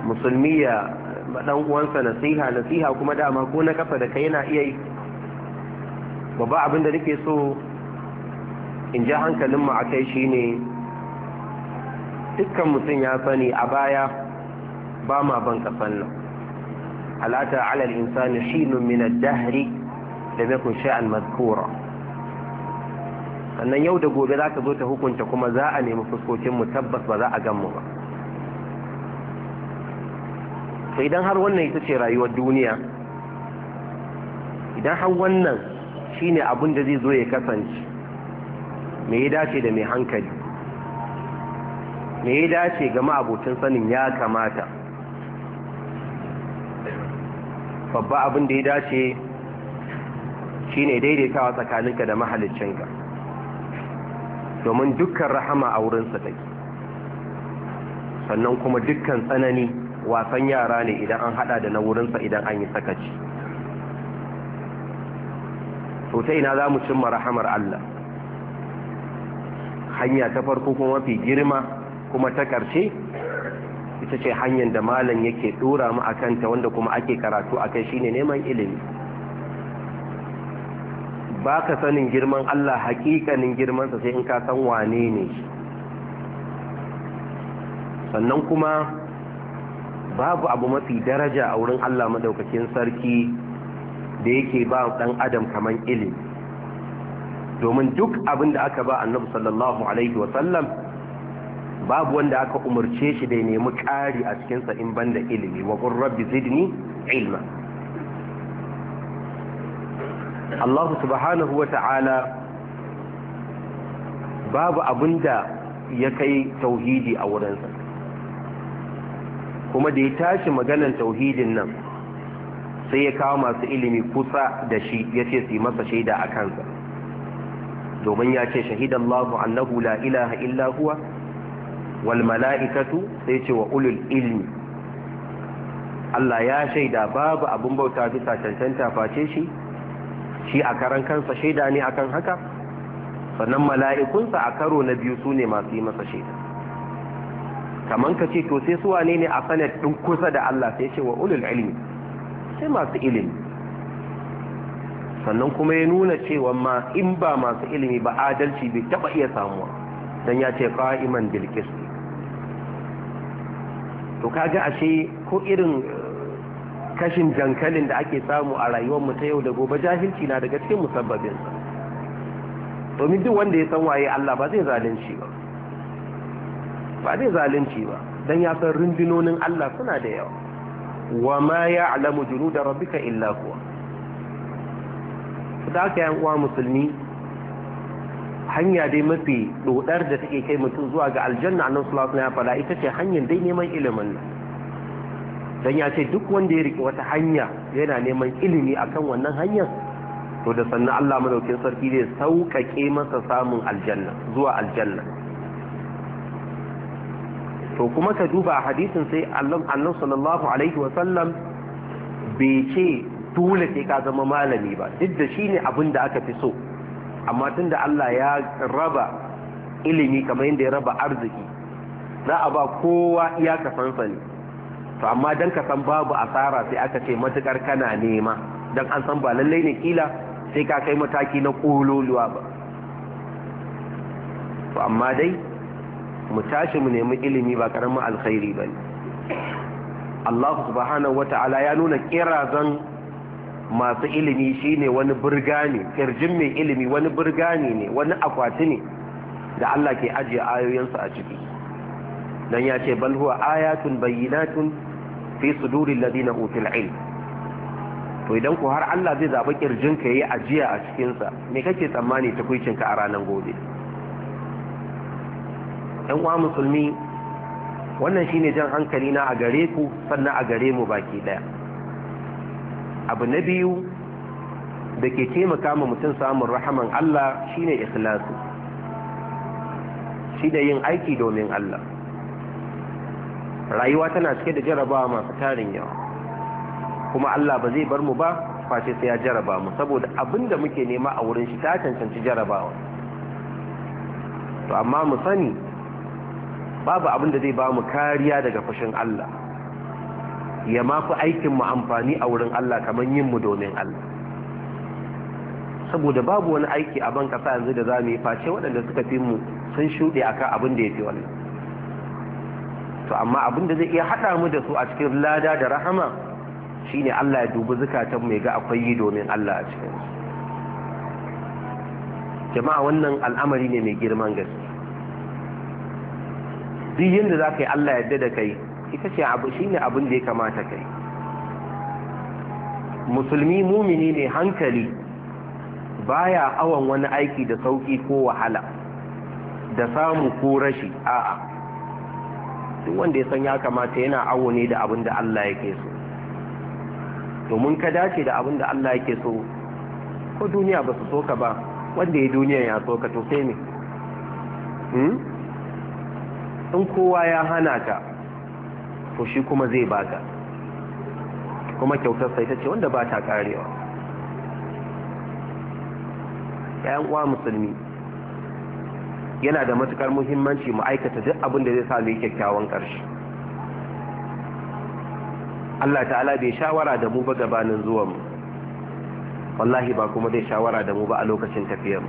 musulmi ya ɗan uwansa nasiha nasiha kuma dama ko na kafa da kai yana iya yi babba abin da nake so in ji hankalin mu akai shine dukkan mutum ya sani a baya ba ma ban kafan nan alata alal insani shinun min ad-dahri lam yakun sha'an madhkura sannan yau da gobe za ta zo ta hukunta kuma za a nemi fuskokinmu tabbas ba za a gan mu ba to idan har wannan ita ce rayuwar duniya idan har wannan shine abin da zai zo ya kasance me ya dace da mai hankali me ya dace ga ma'abocin sanin ya kamata babba abin da ya dace shine daidaitawa tsakaninka da mahalicinka domin dukkan rahama a wurinsa take sannan kuma dukkan tsanani wasan yara ne idan an hada da na wurinsa idan an yi sakaci to ta ina za mu cimma rahamar Allah hanya ta farko kuma mafi girma kuma ta karshe ita ce hanyar da malam yake dora mu akanta wanda kuma ake karatu akai shine neman ilimi ba ka sanin girman Allah hakikanin girmansa sai in ka san wane ne sannan kuma babu abu mafi daraja a wurin Allah madaukakin sarki da yake ba dan adam kaman ilimi domin duk abin da aka ba annabi sallallahu alaihi wasallam babu wanda aka umarce shi da ya nemi ƙari a cikinsa in banda ilimi wa rabbi zidni ilma Allah subhanahu wa ta'ala babu da ya kai tauhidi a wurinsa kuma da ya tashi maganan tauhidin nan sai ya kawo masu ilimi kusa da shi ya ce su yi masa shaida a kansa domin ya ce shahidan Allahu annahu la ilaha illa huwa wal mala'ikatu sai ce wa ulul ilmi Allah ya shaida babu abin bauta bisa cancanta face shi shi a karan kansa shaida ne akan haka sannan mala'ikunsa a karo na biyu su ne masu yi masa shaida kamar ka ce to sai su wane ne a sanar ɗin kusa da Allah sai ce wa ulul ilimi sai masu ilimi sannan kuma ya nuna cewa ma in ba masu ilimi ba adalci bai taɓa iya samuwa don ya ce ƙa'iman bilkis to kaga ashe ko irin kashin dankalin da ake samu a rayuwar mu ta yau da gobe jahilci na daga cikin musabbabin domin duk wanda ya san waye Allah ba zai zalunci ba ba zai zalunci ba dan ya san rundunonin Allah suna da yawa wa ma ya'lamu junuda rabbika illa huwa da aka yan uwa musulmi hanya dai mafi dodar da take kai mutum zuwa ga aljanna annabi sallallahu alaihi wasallam ya faɗa ita ce hanyar dai neman ilimin nan don ya ce duk wanda ya riƙe wata hanya yana neman ilimi akan wannan hanyar to da sannan Allah madaukin sarki zai sauƙaƙe masa samun aljanna zuwa aljanna to kuma ka duba hadisin sai Allah sallallahu alaihi wa sallam bai ce dole sai ka zama malami ba duk da shine abin da aka fi so amma tunda Allah ya raba ilimi kamar yadda ya raba arziki za a ba kowa iyaka sansani ne to amma dan ka san babu asara sai aka ce matukar kana nema dan an san ba lallai ne kila sai ka kai mataki na kululuwa ba to amma dai mu tashi mu nemi ilimi ba karamin alkhairi ba ne Allah subhanahu wata'ala ya nuna zan masu ilimi shine wani burga ne kirjin mai ilimi wani burga ne wani akwati ne da Allah ke ajiye ayoyinsa a ciki dan ya ce bal huwa ayatun bayyinatun fi duri ladina utul ilm to idan ku har Allah zai zaɓi ƙirjinka ya yi ajiya a cikinsa me kake tsammani ta ka a ranar gobe ‘yan uwa musulmi wannan shine jan hankali na a gare ku sannan a gare mu baki ɗaya abu na biyu da ke taimaka ma mutum samun rahaman Allah shine ikhlasu shi da yin aiki domin Allah rayuwa tana cike da jarabawa masu tarin yawa kuma Allah ba zai bar mu ba face sai ya jaraba mu saboda abin da muke nema a wurin shi ta cancanci jarabawa to amma mu sani babu abin da zai ba mu kariya daga fushin Allah ya mafi aikin mu amfani a wurin Allah kamar yin mu domin Allah saboda babu wani aiki a ban kasa yanzu da za mu yi face waɗanda suka fi mu sun shuɗe akan abin da ya fi wannan to amma abin da zai iya haɗa mu da su a cikin lada da rahama shine Allah ya dubi zukatan mai ga akwai yi domin Allah a cikin jama'a wannan al'amari ne mai girman gaske duk yanda za ka yi Allah yadda da kai ita ce abu shine abin da ya kamata kai musulmi mumini ne hankali baya awan wani aiki da sauki ko wahala da samu ko rashi a'a duk wanda ya san ya kamata yana awo ne da abin da Allah yake so domin ka dace da abin da Allah yake so ko duniya ba su so ka ba wanda ya duniya ya so ka to sai ne hmm? in kowa ya hana ka to shi kuma zai baka kuma kyautar sai ta ce wanda ba ta karewa ‘yan uwa musulmi yana da matukar muhimmanci mu aikata duk abin da zai sa mu yi kyakkyawan ƙarshe Allah ta'ala bai shawara da mu ba gabanin zuwan mu wallahi ba kuma zai shawara da mu ba a lokacin tafiyar mu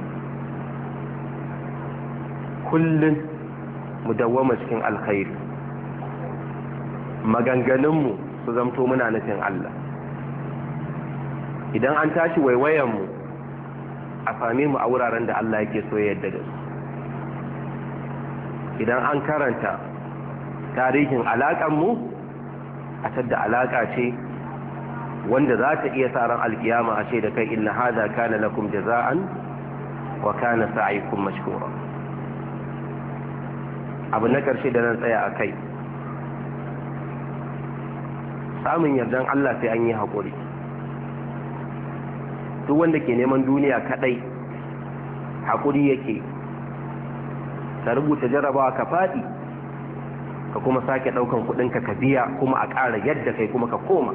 kullun mu dawwama cikin alkhairi maganganunmu su zamto muna nufin Allah idan an tashi waiwayenmu a same mu a wuraren da Allah yake so yadda da su idan an karanta tarihin alaƙanmu a tadda alaƙa ce wanda za ta iya tsaron alƙiyama a ce da kai inna hada kana lakum jaza'an wa kana sa'ikum mashkura abu na ƙarshe da nan tsaya a kai samun yardan Allah sai an yi haƙuri duk wanda ke neman duniya kaɗai haƙuri yake ka rubuta jarabawa ka faɗi ka kuma sake ɗaukan kuɗinka ka biya kuma a ƙara yadda kai kuma ka koma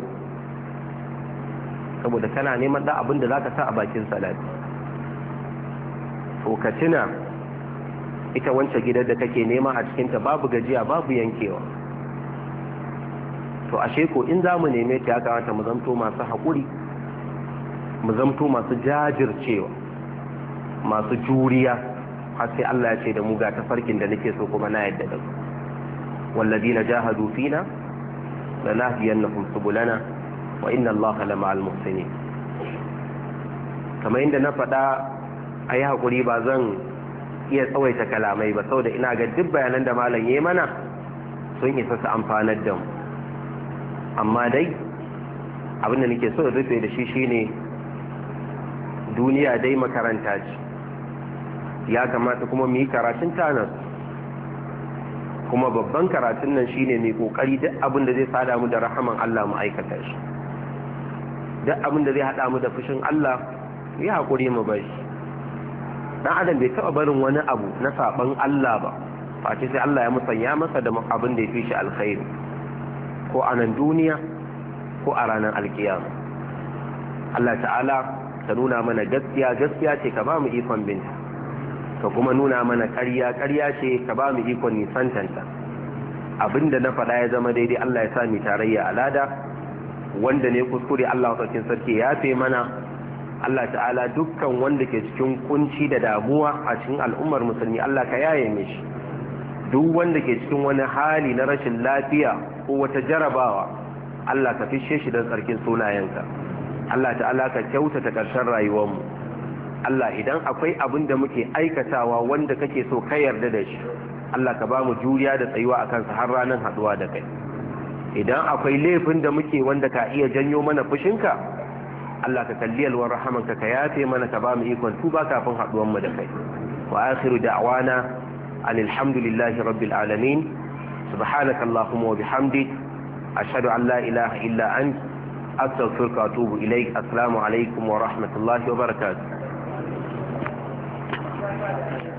saboda kana neman da abin da za ka sa a bakin salati to ka tuna ita wancan gidan da kake nema a cikinta babu gajiya babu yankewa to ashe ko in za mu neme ta ya kamata mu zamto masu haƙuri mu zamto masu jajircewa masu juriya har sai Allah ya ce da mu ga tafarkin da nake so kuma na yadda da su jahadu fina lanahdiyannahum subulana wa inna la ma'al muhsinin kamar inda na faɗa a yi haƙuri ba zan iya tsawaita kalamai ba saboda ina ga duk bayanan da malam ya mana sun isa su amfanar da mu amma dai abinda nake so da rufe da shi shine duniya dai makaranta ce ya kamata kuma mu yi karatun tanar kuma babban karatun nan shine mai kokari duk abin da zai sada mu da rahaman Allah mu aikata shi duk abin da zai hada mu da fushin Allah ya hakuri mu bai dan adam bai taba barin wani abu na saban Allah ba face sai Allah ya musanya masa da abin da ya fi shi alkhairi ko a nan duniya ko a ranar alkiyama Allah ta'ala ta nuna mana gaskiya gaskiya ce ka ba mu ikon binta ka kuma nuna mana karya. Karya ce ka ba mu ikon nisantanta abinda na faɗa ya zama daidai Allah ya sa mu tarayya alada wanda ne kuskure Allah Sarkin sarki ya fe mana Allah ta'ala dukkan wanda ke cikin kunci da damuwa a cikin al'ummar musulmi Allah ka yaye shi. duk wanda ke cikin wani hali na rashin lafiya ko wata jarabawa Allah ka fishe shi don sarkin sunayenka Allah ta'ala ka kyautata ƙarshen rayuwarmu Allah idan akwai abin da muke aikatawa wanda kake so ka yarda da shi Allah ka ba mu juriya da tsayuwa a kansa har ranar haɗuwa da kai idan akwai laifin da muke wanda ka iya janyo mana fushinka Allah ka kalli alwar rahamanka ka yafe mana ka ba mu ikon tuba kafin haɗuwan mu da kai wa akhiru da'wana alhamdulillahi rabbil alamin subhanaka allahumma wa bihamdik ashhadu an la ilaha illa ant astaghfiruka wa atubu ilaik assalamu wa rahmatullahi wa Gracias.